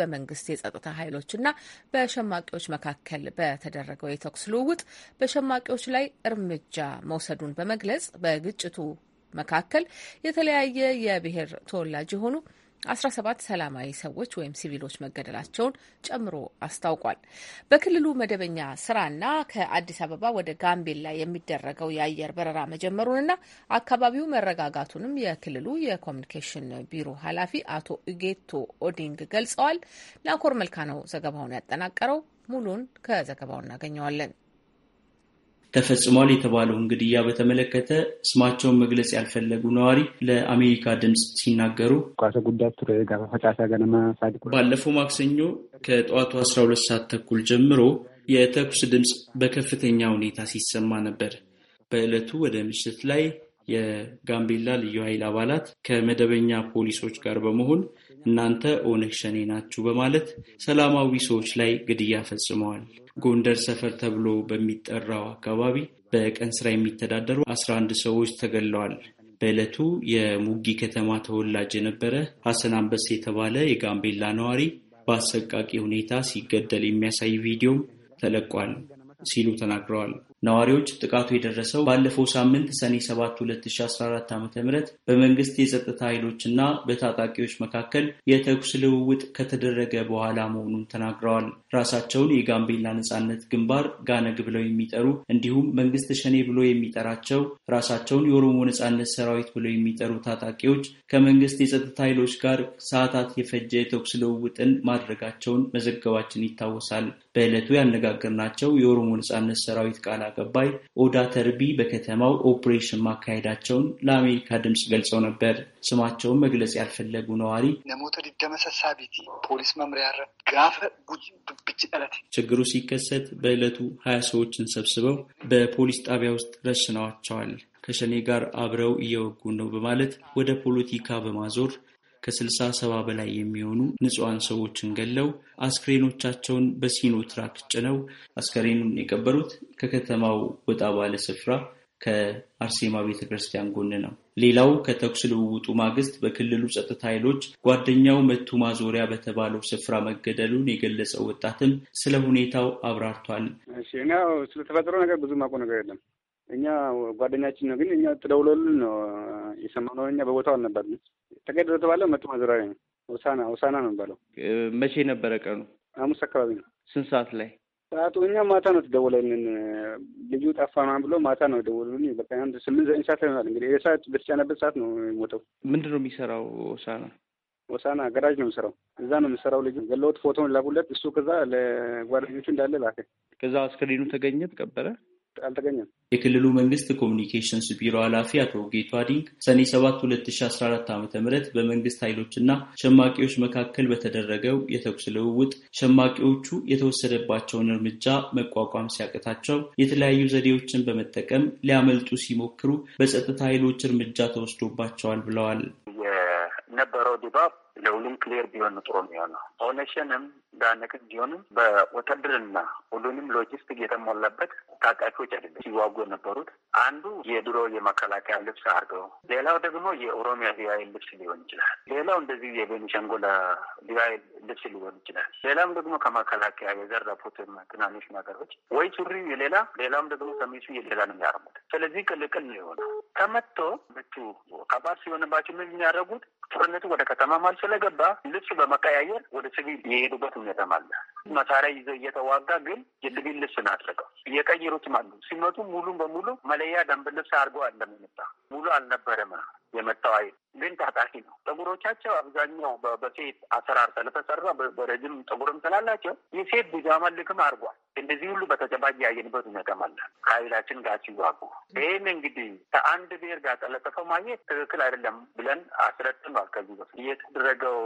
በመንግስት የጸጥታ ኃይሎችና በሸማቂዎች መካከል በተደረገው የተኩስ ልውውጥ በሸማቂዎች ላይ እርምጃ መውሰዱን በመግለጽ በግጭቱ መካከል የተለያየ የብሔር ተወላጅ የሆኑ 17 ሰላማዊ ሰዎች ወይም ሲቪሎች መገደላቸውን ጨምሮ አስታውቋል። በክልሉ መደበኛ ስራና ከአዲስ አበባ ወደ ጋምቤላ የሚደረገው የአየር በረራ መጀመሩንና አካባቢው መረጋጋቱንም የክልሉ የኮሚኒኬሽን ቢሮ ኃላፊ አቶ እጌቶ ኦዲንግ ገልጸዋል። ናኮር መልካ ነው ዘገባውን ያጠናቀረው። ሙሉን ከዘገባው እናገኘዋለን። ተፈጽሟል የተባለውን ግድያ በተመለከተ ስማቸውን መግለጽ ያልፈለጉ ነዋሪ ለአሜሪካ ድምፅ ሲናገሩ ባለፈው ማክሰኞ ከጠዋቱ 12 ሰዓት ተኩል ጀምሮ የተኩስ ድምፅ በከፍተኛ ሁኔታ ሲሰማ ነበር። በዕለቱ ወደ ምሽት ላይ የጋምቤላ ልዩ ኃይል አባላት ከመደበኛ ፖሊሶች ጋር በመሆን እናንተ ኦነግ ሸኔ ናችሁ በማለት ሰላማዊ ሰዎች ላይ ግድያ ፈጽመዋል። ጎንደር ሰፈር ተብሎ በሚጠራው አካባቢ በቀን ስራ የሚተዳደሩ 11 ሰዎች ተገለዋል። በዕለቱ የሙጊ ከተማ ተወላጅ የነበረ ሐሰን አንበስ የተባለ የጋምቤላ ነዋሪ በአሰቃቂ ሁኔታ ሲገደል የሚያሳይ ቪዲዮም ተለቋል ሲሉ ተናግረዋል። ነዋሪዎች ጥቃቱ የደረሰው ባለፈው ሳምንት ሰኔ 7 2014 ዓ ም በመንግስት የጸጥታ ኃይሎችና በታጣቂዎች መካከል የተኩስ ልውውጥ ከተደረገ በኋላ መሆኑን ተናግረዋል። ራሳቸውን የጋምቤላ ነጻነት ግንባር ጋነግ ብለው የሚጠሩ እንዲሁም መንግስት ሸኔ ብሎ የሚጠራቸው ራሳቸውን የኦሮሞ ነጻነት ሰራዊት ብለው የሚጠሩ ታጣቂዎች ከመንግስት የጸጥታ ኃይሎች ጋር ሰዓታት የፈጀ የተኩስ ልውውጥን ማድረጋቸውን መዘገባችን ይታወሳል። በዕለቱ ያነጋገርናቸው የኦሮሞ ነጻነት ሰራዊት ቃል አቀባይ ኦዳ ተርቢ በከተማው ኦፕሬሽን ማካሄዳቸውን ለአሜሪካ ድምፅ ገልጸው ነበር። ስማቸውን መግለጽ ያልፈለጉ ነዋሪ ችግሩ ሲከሰት በዕለቱ ሀያ ሰዎችን ሰብስበው በፖሊስ ጣቢያ ውስጥ ረሽነዋቸዋል። ከሸኔ ጋር አብረው እየወጉ ነው በማለት ወደ ፖለቲካ በማዞር ከስልሳ ሰባ በላይ የሚሆኑ ንጹሐን ሰዎችን ገለው አስክሬኖቻቸውን በሲኖ ትራክ ጭነው አስከሬኑን የቀበሩት ከከተማው ወጣ ባለ ስፍራ ከአርሴማ ቤተ ክርስቲያን ጎን ነው። ሌላው ከተኩስ ልውውጡ ማግስት በክልሉ ጸጥታ ኃይሎች ጓደኛው መቱ ማዞሪያ በተባለው ስፍራ መገደሉን የገለጸው ወጣትም ስለ ሁኔታው አብራርቷል። እሺ፣ ስለተፈጠረው ነገር ብዙ ማቆ ነገር የለም። እኛ ጓደኛችን ነው ግን እኛ ተደውሎልን ነው የሰማነው። እኛ በቦታው አልነበርንም። ተገደለ ተባለ መጡ ማዘራሪያ ነው። ሆሳና ሆሳና ነው የሚባለው። መቼ ነበረ ቀኑ? ሐሙስ አካባቢ ነው። ስንት ሰዓት ላይ? ሰዓቱ እኛ ማታ ነው ተደወለልን። ልጁ ጠፋ ምናምን ብሎ ማታ ነው የደወሉልን። በቃ አንድ ስምንት ዘጠኝ ሰዓት ይሆናል እንግዲህ። የሰዓት በተጫነበት ሰዓት ነው የሞተው። ምንድን ነው የሚሰራው ሆሳና? ሆሳና ገራጅ ነው የምሰራው። እዛ ነው የምሰራው። ልጁ ገለሁት ፎቶን ላኩለት። እሱ ከዛ ለጓደኞቹ እንዳለ ላከ። ከዛ አስክሬኑ ተገኘ፣ ተቀበረ። አልተገኘም። የክልሉ መንግስት ኮሚኒኬሽንስ ቢሮ ኃላፊ አቶ ጌቱ አዲንግ ሰኔ 7 2014 ዓ ም በመንግስት ኃይሎችና ሸማቂዎች መካከል በተደረገው የተኩስ ልውውጥ ሸማቂዎቹ የተወሰደባቸውን እርምጃ መቋቋም ሲያቅታቸው የተለያዩ ዘዴዎችን በመጠቀም ሊያመልጡ ሲሞክሩ በጸጥታ ኃይሎች እርምጃ ተወስዶባቸዋል ብለዋል። የነበረው ድባብ ለሁሉም ክሊየር ቢሆን ጥሩ የሚሆነው። ኦነሽንም ዳነክን ቢሆንም በወታደርና ሁሉንም ሎጂስቲክ የተሞላበት ታጣቂዎች አይደለም ሲዋጉ የነበሩት። አንዱ የድሮ የመከላከያ ልብስ አድርገው፣ ሌላው ደግሞ የኦሮሚያ ብሔራዊ ልብስ ሊሆን ይችላል። ሌላው እንደዚህ የቤኒሻንጉል ብሔራዊ ልብስ ሊሆን ይችላል። ሌላም ደግሞ ከመከላከያ የዘረፉት ትናንሽ ነገሮች ወይ ሱሪ የሌላ ሌላም ደግሞ ሰሚሱ የሌላ ነው የሚያርሙት። ስለዚህ ቅልቅል ነው የሆነ ተመቶ ምቹ ከባድ ሲሆንባቸው ምን የሚያደርጉት ጦርነቱ ወደ ከተማ ማልስ ስለገባ ልብሱ በመቀያየር ወደ ሲቪል የሄዱበት ሁኔታም አለ። መሳሪያ ይዘው እየተዋጋ ግን የሲቪል ልብስ ናድረገው እየቀየሩትም አሉ። ሲመጡ ሙሉ በሙሉ መለያ ደንብ ልብስ አድርገው አለም ሙሉ አልነበረም። የመጣው አይ ግን ታጣቂ ነው። ጥጉሮቻቸው አብዛኛው በሴት አሰራር ስለተሰራ በረጅም ጠጉርም ስላላቸው የሴት ብዛማ ልክም አድርጓል። እንደዚህ ሁሉ በተጨባጭ ያየንበት ይነቀማለ ከኃይላችን ጋር ሲዋጉ ይህን እንግዲህ ከአንድ ብሔር ጋር ጠለጠፈው ማየት ትክክል አይደለም ብለን አስረጥኗል። ከዚህ በፊት እየተደረገው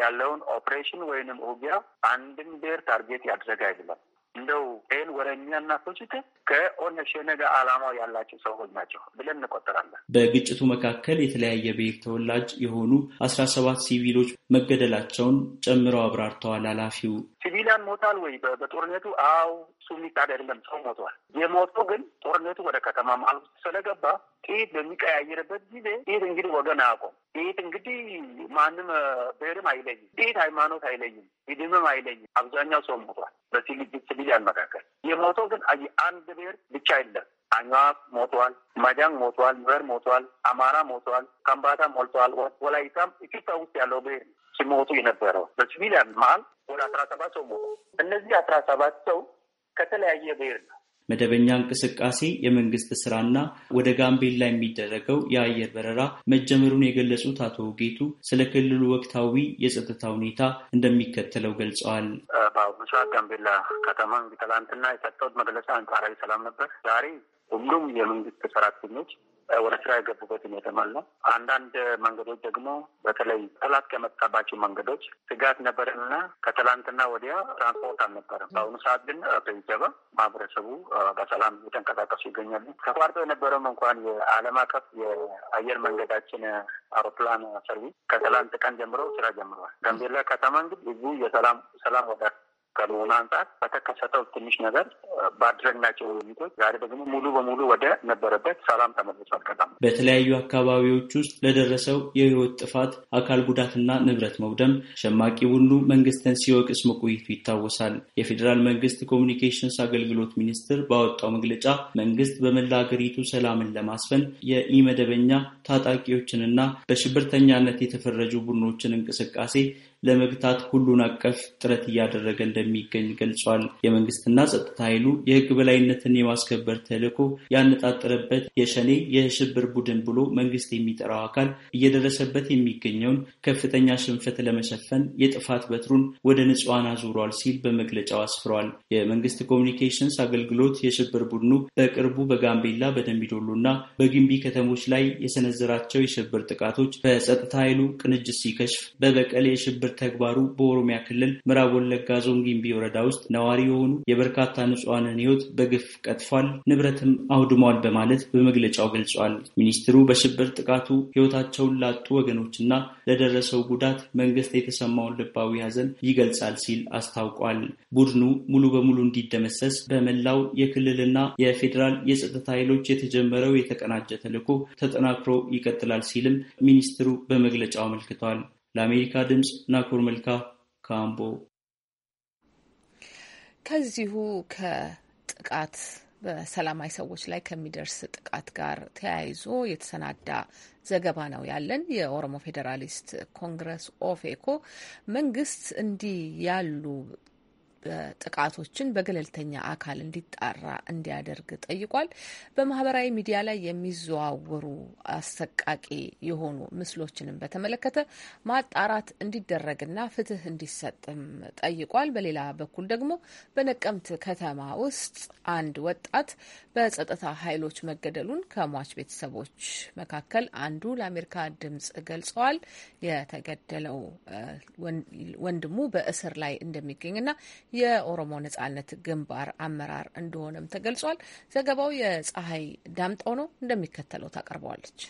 ያለውን ኦፕሬሽን ወይንም ውጊያ አንድም ብሔር ታርጌት ያደረገ አይደለም። እንደው ይህን ወረ የሚያናፈሱት ከኦነግ ሸኔ ያላቸው ሰዎች ናቸው ብለን እንቆጠራለን። በግጭቱ መካከል የተለያየ ብሔር ተወላጅ የሆኑ አስራ ሰባት ሲቪሎች መገደላቸውን ጨምረው አብራርተዋል ኃላፊው። ሲቪሊያን ሞታል ወይ በጦርነቱ? አው እሱ የሚታድ አይደለም። ሰው ሞቷል። የሞቶ ግን ጦርነቱ ወደ ከተማ መሀል ውስጥ ስለገባ ጤት በሚቀያየርበት ጊዜ ጥይት እንግዲህ ወገን አያውቁም። ጥይት እንግዲህ ማንም ብሔርም አይለይም። ጤት ሃይማኖት አይለይም፣ ሂድምም አይለይም። አብዛኛው ሰው ሞቷል በሲቪሊያን መካከል። የሞቶ ግን አንድ ብሔር ብቻ አይደለም። አኛ ሞቷል፣ ማጃንግ ሞቷል፣ ኑዌር ሞቷል፣ አማራ ሞቷል፣ ከምባታ ሞልቷል፣ ወላይታም ኢትዮጵያ ውስጥ ያለው ብሔር ነው። ሲሞቱ የነበረው በሲቪሊያን መሀል ወደ አስራ ሰባት ሰው ሞቱ። እነዚህ አስራ ሰባት ሰው ከተለያየ ብሔር ነው። መደበኛ እንቅስቃሴ የመንግስት ስራና ወደ ጋምቤላ የሚደረገው የአየር በረራ መጀመሩን የገለጹት አቶ ጌቱ ስለ ክልሉ ወቅታዊ የጸጥታ ሁኔታ እንደሚከተለው ገልጸዋል። በምስራቅ ጋምቤላ ከተማ ትላንትና የሰጠሁት መግለጫ አንጻራዊ ሰላም ነበር። ዛሬ ሁሉም የመንግስት ሰራተኞች ወደ ስራ የገቡበት ሁኔታም አለ። አንዳንድ መንገዶች ደግሞ በተለይ ጠላት ከመጣባቸው መንገዶች ስጋት ነበረና ከትላንትና ወዲያ ትራንስፖርት አልነበረም። በአሁኑ ሰዓት ግን በኢጀባ ማህበረሰቡ በሰላም እየተንቀሳቀሱ ይገኛሉ። ተቋርጦ የነበረውም እንኳን የዓለም አቀፍ የአየር መንገዳችን አውሮፕላን ሰርቪስ ከትላንት ቀን ጀምሮ ስራ ጀምረዋል። ገንቤላ ከተማ እንግዲህ ብዙ የሰላም ሰላም ወዳ ከመሆኑ አንጻር በተከሰተው ትንሽ ነገር ባድረግናቸው ውይይቶች ዛሬ ደግሞ ሙሉ በሙሉ ወደ ነበረበት ሰላም ተመልሷል። ቀጣም በተለያዩ አካባቢዎች ውስጥ ለደረሰው የህይወት ጥፋት፣ አካል ጉዳትና ንብረት መውደም ሸማቂ ቡድኑ መንግስትን ሲወቅስ መቆየቱ ይታወሳል። የፌዴራል መንግስት ኮሚኒኬሽንስ አገልግሎት ሚኒስቴር ባወጣው መግለጫ መንግስት በመላ ሀገሪቱ ሰላምን ለማስፈን የኢመደበኛ ታጣቂዎችንና በሽብርተኛነት የተፈረጁ ቡድኖችን እንቅስቃሴ ለመግታት ሁሉን አቀፍ ጥረት እያደረገ እንደሚገኝ ገልጿል። የመንግስትና ጸጥታ ኃይሉ የህግ በላይነትን የማስከበር ተልዕኮ ያነጣጠረበት የሸኔ የሽብር ቡድን ብሎ መንግስት የሚጠራው አካል እየደረሰበት የሚገኘውን ከፍተኛ ሽንፈት ለመሸፈን የጥፋት በትሩን ወደ ንጹሐን አዙሯል ሲል በመግለጫው አስፍሯል። የመንግስት ኮሚኒኬሽንስ አገልግሎት የሽብር ቡድኑ በቅርቡ በጋምቤላ በደንቢዶሎ እና በግንቢ ከተሞች ላይ የሰነዘራቸው የሽብር ጥቃቶች በጸጥታ ኃይሉ ቅንጅት ሲከሽፍ በበቀል የሽብር ተግባሩ በኦሮሚያ ክልል ምዕራብ ወለጋ ዞን ጊምቢ ወረዳ ውስጥ ነዋሪ የሆኑ የበርካታ ንጹሐንን ሕይወት በግፍ ቀጥፏል፣ ንብረትም አውድሟል በማለት በመግለጫው ገልጿል። ሚኒስትሩ በሽብር ጥቃቱ ሕይወታቸውን ላጡ ወገኖችና ለደረሰው ጉዳት መንግስት የተሰማውን ልባዊ ሀዘን ይገልጻል ሲል አስታውቋል። ቡድኑ ሙሉ በሙሉ እንዲደመሰስ በመላው የክልልና የፌዴራል የጸጥታ ኃይሎች የተጀመረው የተቀናጀ ተልዕኮ ተጠናክሮ ይቀጥላል ሲልም ሚኒስትሩ በመግለጫው አመልክቷል። ለአሜሪካ ድምፅ ናኮር መልካ ካምቦ ከዚሁ ከጥቃት በሰላማዊ ሰዎች ላይ ከሚደርስ ጥቃት ጋር ተያይዞ የተሰናዳ ዘገባ ነው ያለን። የኦሮሞ ፌዴራሊስት ኮንግረስ ኦፌኮ መንግስት እንዲህ ያሉ ጥቃቶችን በገለልተኛ አካል እንዲጣራ እንዲያደርግ ጠይቋል። በማህበራዊ ሚዲያ ላይ የሚዘዋወሩ አሰቃቂ የሆኑ ምስሎችንም በተመለከተ ማጣራት እንዲደረግና ፍትህ እንዲሰጥም ጠይቋል። በሌላ በኩል ደግሞ በነቀምት ከተማ ውስጥ አንድ ወጣት በጸጥታ ኃይሎች መገደሉን ከሟች ቤተሰቦች መካከል አንዱ ለአሜሪካ ድምጽ ገልጸዋል። የተገደለው ወንድሙ በእስር ላይ እንደሚገኝና የኦሮሞ ነጻነት ግንባር አመራር እንደሆነም ተገልጿል። ዘገባው የፀሐይ ዳምጠው ነው፣ እንደሚከተለው ታቀርበዋለች።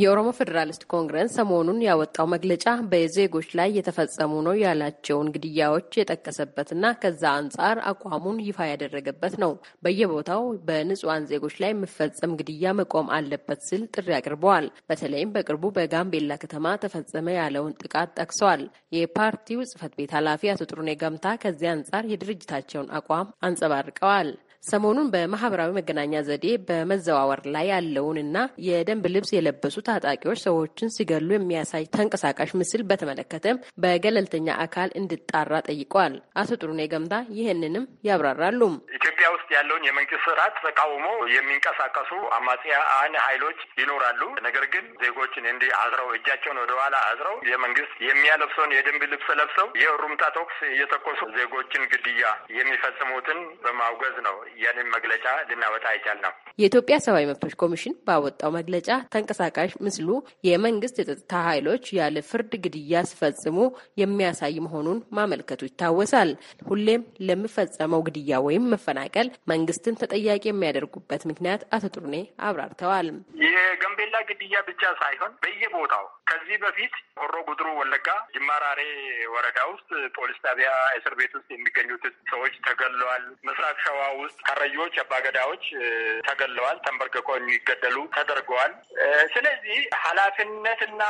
የኦሮሞ ፌዴራሊስት ኮንግረስ ሰሞኑን ያወጣው መግለጫ በዜጎች ላይ የተፈጸሙ ነው ያላቸውን ግድያዎች የጠቀሰበትና ከዛ አንጻር አቋሙን ይፋ ያደረገበት ነው። በየቦታው በንጹሐን ዜጎች ላይ የሚፈጸም ግድያ መቆም አለበት ሲል ጥሪ አቅርበዋል። በተለይም በቅርቡ በጋምቤላ ከተማ ተፈጸመ ያለውን ጥቃት ጠቅሰዋል። የፓርቲው ጽህፈት ቤት ኃላፊ አቶ ጥሩኔ ገምታ ከዚህ አንጻር የድርጅታቸውን አቋም አንጸባርቀዋል። ሰሞኑን በማህበራዊ መገናኛ ዘዴ በመዘዋወር ላይ ያለውንና የደንብ ልብስ የለበሱ ታጣቂዎች ሰዎችን ሲገሉ የሚያሳይ ተንቀሳቃሽ ምስል በተመለከተም በገለልተኛ አካል እንዲጣራ ጠይቀዋል። አቶ ጥሩኔ ገምታ ይህንንም ያብራራሉ። ኢትዮጵያ ውስጥ ያለውን የመንግስት ስርዓት ተቃውሞ የሚንቀሳቀሱ አማጽያን ኃይሎች ይኖራሉ። ነገር ግን ዜጎችን እንዲህ አዝረው እጃቸውን ወደኋላ አዝረው የመንግስት የሚያለብሰውን የደንብ ልብስ ለብሰው የሩምታ ተኩስ እየተኮሱ ዜጎችን ግድያ የሚፈጽሙትን በማውገዝ ነው ያንን መግለጫ ልናወጣ አይቻልነው። የኢትዮጵያ ሰብአዊ መብቶች ኮሚሽን ባወጣው መግለጫ ተንቀሳቃሽ ምስሉ የመንግስት የጸጥታ ኃይሎች ያለ ፍርድ ግድያ ሲፈጽሙ የሚያሳይ መሆኑን ማመልከቱ ይታወሳል። ሁሌም ለሚፈጸመው ግድያ ወይም መፈናቀል መንግስትን ተጠያቂ የሚያደርጉበት ምክንያት አቶ ጥሩኔ አብራርተዋል። የጋምቤላ ግድያ ብቻ ሳይሆን በየቦታው ከዚህ በፊት ሆሮ ጉድሩ ወለጋ ጅማራሬ ወረዳ ውስጥ ፖሊስ ጣቢያ እስር ቤት ውስጥ የሚገኙት ሰዎች ተገለዋል። ምስራቅ ሸዋ ውስጥ ቀረዮች፣ አባገዳዎች ተገለዋል፣ ተንበርክኮ የሚገደሉ ተደርገዋል። ስለዚህ ኃላፊነትና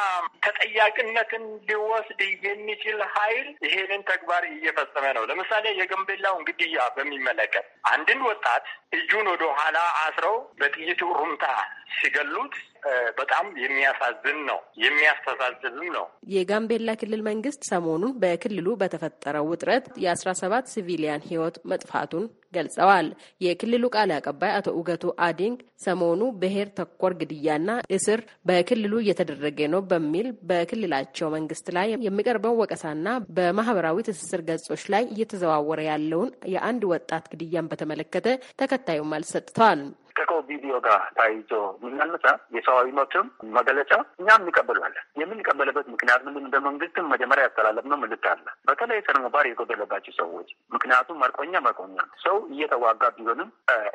ተጠያቂነትን ሊወስድ የሚችል ኃይል ይሄንን ተግባር እየፈጸመ ነው። ለምሳሌ የጋምቤላውን ግድያ በሚመለከት አንድን ወጣት እጁን ወደ ኋላ አስረው በጥይት ሩምታ ሲገሉት በጣም የሚያሳዝን ነው፣ የሚያስተዛዝብም ነው። የጋምቤላ ክልል መንግስት ሰሞኑን በክልሉ በተፈጠረው ውጥረት የአስራ ሰባት ሲቪሊያን ህይወት መጥፋቱን ገልጸዋል። የክልሉ ቃል አቀባይ አቶ ኡገቱ አዲንግ ሰሞኑ ብሔር ተኮር ግድያና እስር በክልሉ እየተደረገ ነው በሚል በክልላቸው መንግስት ላይ የሚቀርበው ወቀሳና በማህበራዊ ትስስር ገጾች ላይ እየተዘዋወረ ያለውን የአንድ ወጣት ግድያን በተመለከተ ተከታዩን መልስ ሰጥተዋል። ከለቀቀው ቪዲዮ ጋር ታይዞ የምናነሳ የሰብአዊ መብትም መገለጫ እኛም እንቀበላለን። የምንቀበልበት ምክንያት ምንድን እንደ መንግስትም መጀመሪያ ነው መልዕክት አለ። በተለይ ስነ ምግባር የጎደለባቸው ሰዎች ምክንያቱም መርቆኛ መርቆኛ ነው። ሰው እየተዋጋ ቢሆንም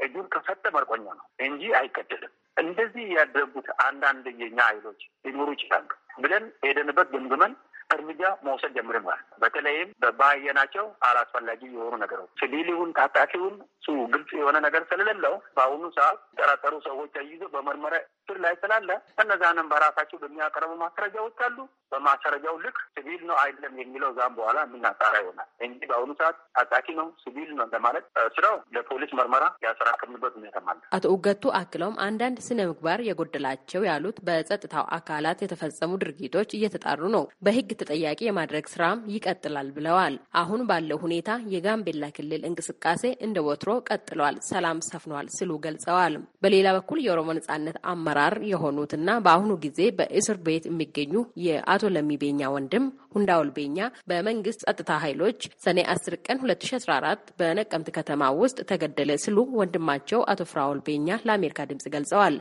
እጁን ከሰጠ መርቆኛ ነው እንጂ አይገደልም። እንደዚህ ያደረጉት አንዳንድ የኛ ኃይሎች ሊኖሩ ይችላሉ ብለን ሄደንበት ገምግመን እርምጃ መውሰድ ጀምረናል። በተለይም በባየናቸው አላስፈላጊ የሆኑ ነገሮች ሲቪሊውን ታጣቂውን ሱ ግልጽ የሆነ ነገር ስለሌለው በአሁኑ ሰዓት ጠረጠሩ ሰዎች ተይዞ በመርመራ ስር ላይ ስላለ እነዛንም በራሳቸው በሚያቀርቡ ማስረጃዎች አሉ። በማስረጃው ልክ ሲቪል ነው አይደለም የሚለው ዛም በኋላ የምናጣራ ይሆናል እንጂ በአሁኑ ሰዓት ታጣቂ ነው ሲቪል ነው ለማለት ስራው ለፖሊስ መርመራ ያሰራክምበት ሁኔታ አለ። አቶ ኡገቱ አክለውም አንዳንድ ስነ ምግባር የጎደላቸው ያሉት በጸጥታው አካላት የተፈጸሙ ድርጊቶች እየተጣሩ ነው በህግ ተጠያቂ የማድረግ ስራም ይቀጥላል ብለዋል። አሁን ባለው ሁኔታ የጋምቤላ ክልል እንቅስቃሴ እንደ ወትሮ ቀጥሏል፣ ሰላም ሰፍኗል ሲሉ ገልጸዋል። በሌላ በኩል የኦሮሞ ነጻነት አመራር የሆኑትና በአሁኑ ጊዜ በእስር ቤት የሚገኙ የአቶ ለሚ ቤኛ ወንድም ሁንዳውል ቤኛ በመንግስት ጸጥታ ኃይሎች ሰኔ 10 ቀን 2014 በነቀምት ከተማ ውስጥ ተገደለ ሲሉ ወንድማቸው አቶ ፍራውል ቤኛ ለአሜሪካ ድምጽ ገልጸዋል።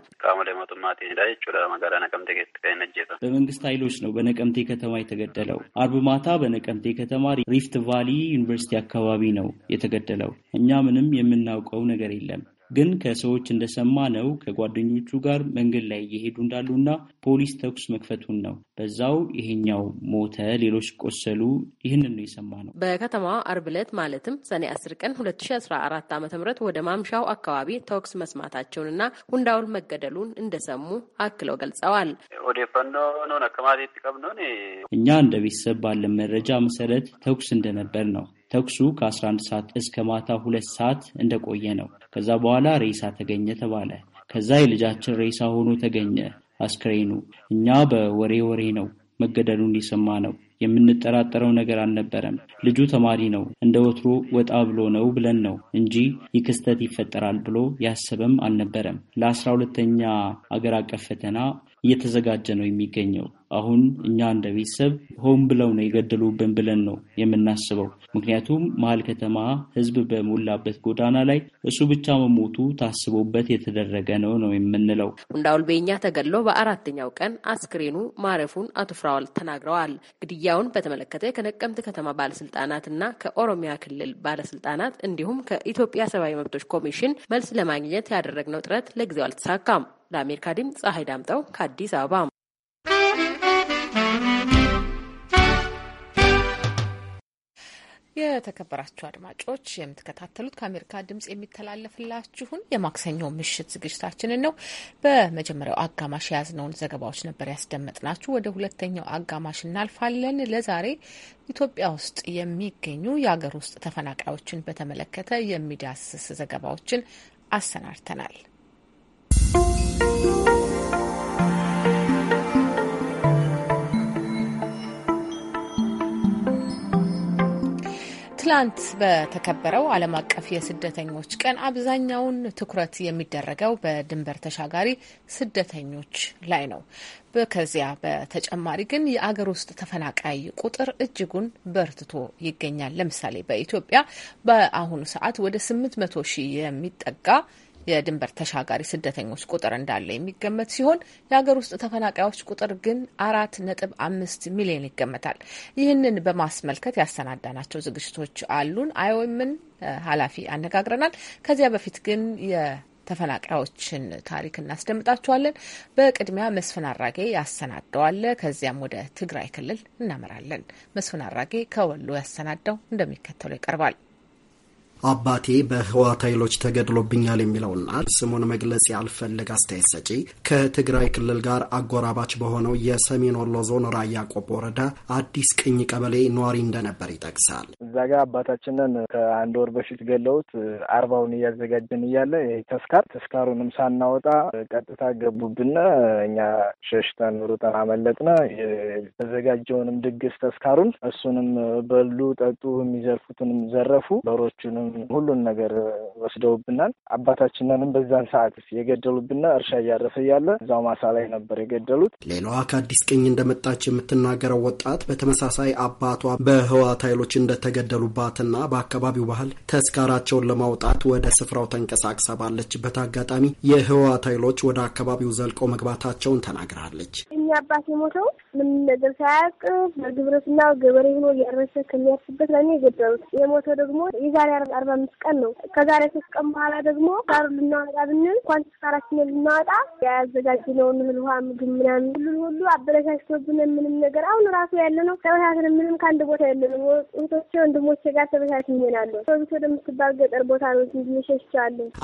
በመንግስት ኃይሎች ነው በነቀምቴ ከተማ የተገ የተገደለው። አርብ ማታ በነቀምቴ ከተማ ሪፍት ቫሊ ዩኒቨርሲቲ አካባቢ ነው የተገደለው። እኛ ምንም የምናውቀው ነገር የለም። ግን ከሰዎች እንደሰማ ነው ከጓደኞቹ ጋር መንገድ ላይ እየሄዱ እንዳሉና ፖሊስ ተኩስ መክፈቱን ነው። በዛው ይሄኛው ሞተ፣ ሌሎች ቆሰሉ። ይህንን ነው የሰማ በከተማዋ አርብ ዕለት ማለትም ሰኔ 10 ቀን 2014 ዓ.ም ወደ ማምሻው አካባቢ ተኩስ መስማታቸውንና ሁንዳውል መገደሉን እንደሰሙ አክለው ገልጸዋል። እኛ እንደ ቤተሰብ ባለን መረጃ መሰረት ተኩስ እንደነበር ነው ተኩሱ ከ11 ሰዓት እስከ ማታ ሁለት ሰዓት እንደቆየ ነው። ከዛ በኋላ ሬሳ ተገኘ ተባለ። ከዛ የልጃችን ሬሳ ሆኖ ተገኘ አስክሬኑ። እኛ በወሬ ወሬ ነው መገደሉን የሰማ ነው። የምንጠራጠረው ነገር አልነበረም። ልጁ ተማሪ ነው፣ እንደ ወትሮ ወጣ ብሎ ነው ብለን ነው እንጂ ይህ ክስተት ይፈጠራል ብሎ ያሰበም አልነበረም። ለአስራ ሁለተኛ አገር አቀፍ ፈተና እየተዘጋጀ ነው የሚገኘው። አሁን እኛ እንደ ቤተሰብ ሆን ብለው ነው የገደሉብን ብለን ነው የምናስበው። ምክንያቱም መሀል ከተማ ህዝብ በሞላበት ጎዳና ላይ እሱ ብቻ መሞቱ ታስቦበት የተደረገ ነው ነው የምንለው። ሁንዳውል በኛ ተገድሎ በአራተኛው ቀን አስክሬኑ ማረፉን አቶ ፍራዋል ተናግረዋል። ግድያውን በተመለከተ ከነቀምት ከተማ ባለስልጣናት እና ከኦሮሚያ ክልል ባለስልጣናት እንዲሁም ከኢትዮጵያ ሰብአዊ መብቶች ኮሚሽን መልስ ለማግኘት ያደረግነው ጥረት ለጊዜው አልተሳካም። ለአሜሪካ ድምፅ ፀሐይ ዳምጠው ከአዲስ አበባ የተከበራችሁ አድማጮች የምትከታተሉት ከአሜሪካ ድምጽ የሚተላለፍላችሁን የማክሰኞ ምሽት ዝግጅታችንን ነው። በመጀመሪያው አጋማሽ የያዝነውን ዘገባዎች ነበር ያስደመጥናችሁ። ወደ ሁለተኛው አጋማሽ እናልፋለን። ለዛሬ ኢትዮጵያ ውስጥ የሚገኙ የሀገር ውስጥ ተፈናቃዮችን በተመለከተ የሚዳስስ ዘገባዎችን አሰናድተናል። ትላንት በተከበረው ዓለም አቀፍ የስደተኞች ቀን አብዛኛውን ትኩረት የሚደረገው በድንበር ተሻጋሪ ስደተኞች ላይ ነው። ከዚያ በተጨማሪ ግን የአገር ውስጥ ተፈናቃይ ቁጥር እጅጉን በርትቶ ይገኛል። ለምሳሌ በኢትዮጵያ በአሁኑ ሰዓት ወደ ስምንት መቶ ሺህ የሚጠጋ የድንበር ተሻጋሪ ስደተኞች ቁጥር እንዳለ የሚገመት ሲሆን የሀገር ውስጥ ተፈናቃዮች ቁጥር ግን አራት ነጥብ አምስት ሚሊዮን ይገመታል። ይህንን በማስመልከት ያሰናዳናቸው ዝግጅቶች አሉን። አይኦኤምን ኃላፊ አነጋግረናል። ከዚያ በፊት ግን የተፈናቃዮችን ታሪክ እናስደምጣቸዋለን በቅድሚያ መስፍን አራጌ ያሰናደዋለ። ከዚያም ወደ ትግራይ ክልል እናመራለን። መስፍን አራጌ ከወሎ ያሰናዳው እንደሚከተለው ይቀርባል። አባቴ በህወሓት ኃይሎች ተገድሎብኛል የሚለውና ስሙን መግለጽ ያልፈልግ አስተያየት ሰጪ ከትግራይ ክልል ጋር አጎራባች በሆነው የሰሜን ወሎ ዞን ራያ ቆቦ ወረዳ አዲስ ቅኝ ቀበሌ ነዋሪ እንደነበር ይጠቅሳል። እዛ ጋር አባታችንን ከአንድ ወር በፊት ገለውት አርባውን እያዘጋጀን እያለ ተስካር ተስካሩንም ሳናወጣ ቀጥታ ገቡብን። እኛ ሸሽተን ሩጠን አመለጥነ። የተዘጋጀውንም ድግስ ተስካሩን እሱንም በሉ ጠጡ፣ የሚዘርፉትንም ዘረፉ፣ በሮቹንም ሁሉን ነገር ወስደውብናል። አባታችንንም በዛን ሰዓት የገደሉብና እርሻ እያረፈ እያለ እዛው ማሳ ላይ ነበር የገደሉት። ሌላዋ ከአዲስ ቅኝ እንደመጣች የምትናገረው ወጣት በተመሳሳይ አባቷ በህዋት ኃይሎች እንደተገደሉባትና በአካባቢው ባህል ተስካራቸውን ለማውጣት ወደ ስፍራው ተንቀሳቅሳ ባለችበት አጋጣሚ የህዋት ኃይሎች ወደ አካባቢው ዘልቆ መግባታቸውን ተናግራለች። እኛ አባት የሞተው ምንም ነገር ሳያውቅ በግብርና ገበሬ ሆኖ እያረሰ ከሚያርስበት ላይ የገደሉት የሞተው ደግሞ የዛሬ አርባ አምስት ቀን ነው። ከዛሬ ሶስት ቀን በኋላ ደግሞ ሳሩ ልናወጣ ብንል እንኳን ሳራችንን ልናወጣ ያዘጋጅነውን እህል፣ ውሃ፣ ምግብ ምናምን ሁሉን ሁሉ አበረሻሽቶብን ምንም ነገር አሁን ራሱ ያለ ነው ተበታትን ምንም ከአንድ ቦታ የለንም። እህቶቼ ወንድሞቼ ጋር ተበታትን ይሄናሉ። ሰብት ወደምትባል ገጠር ቦታ ነው እንጂ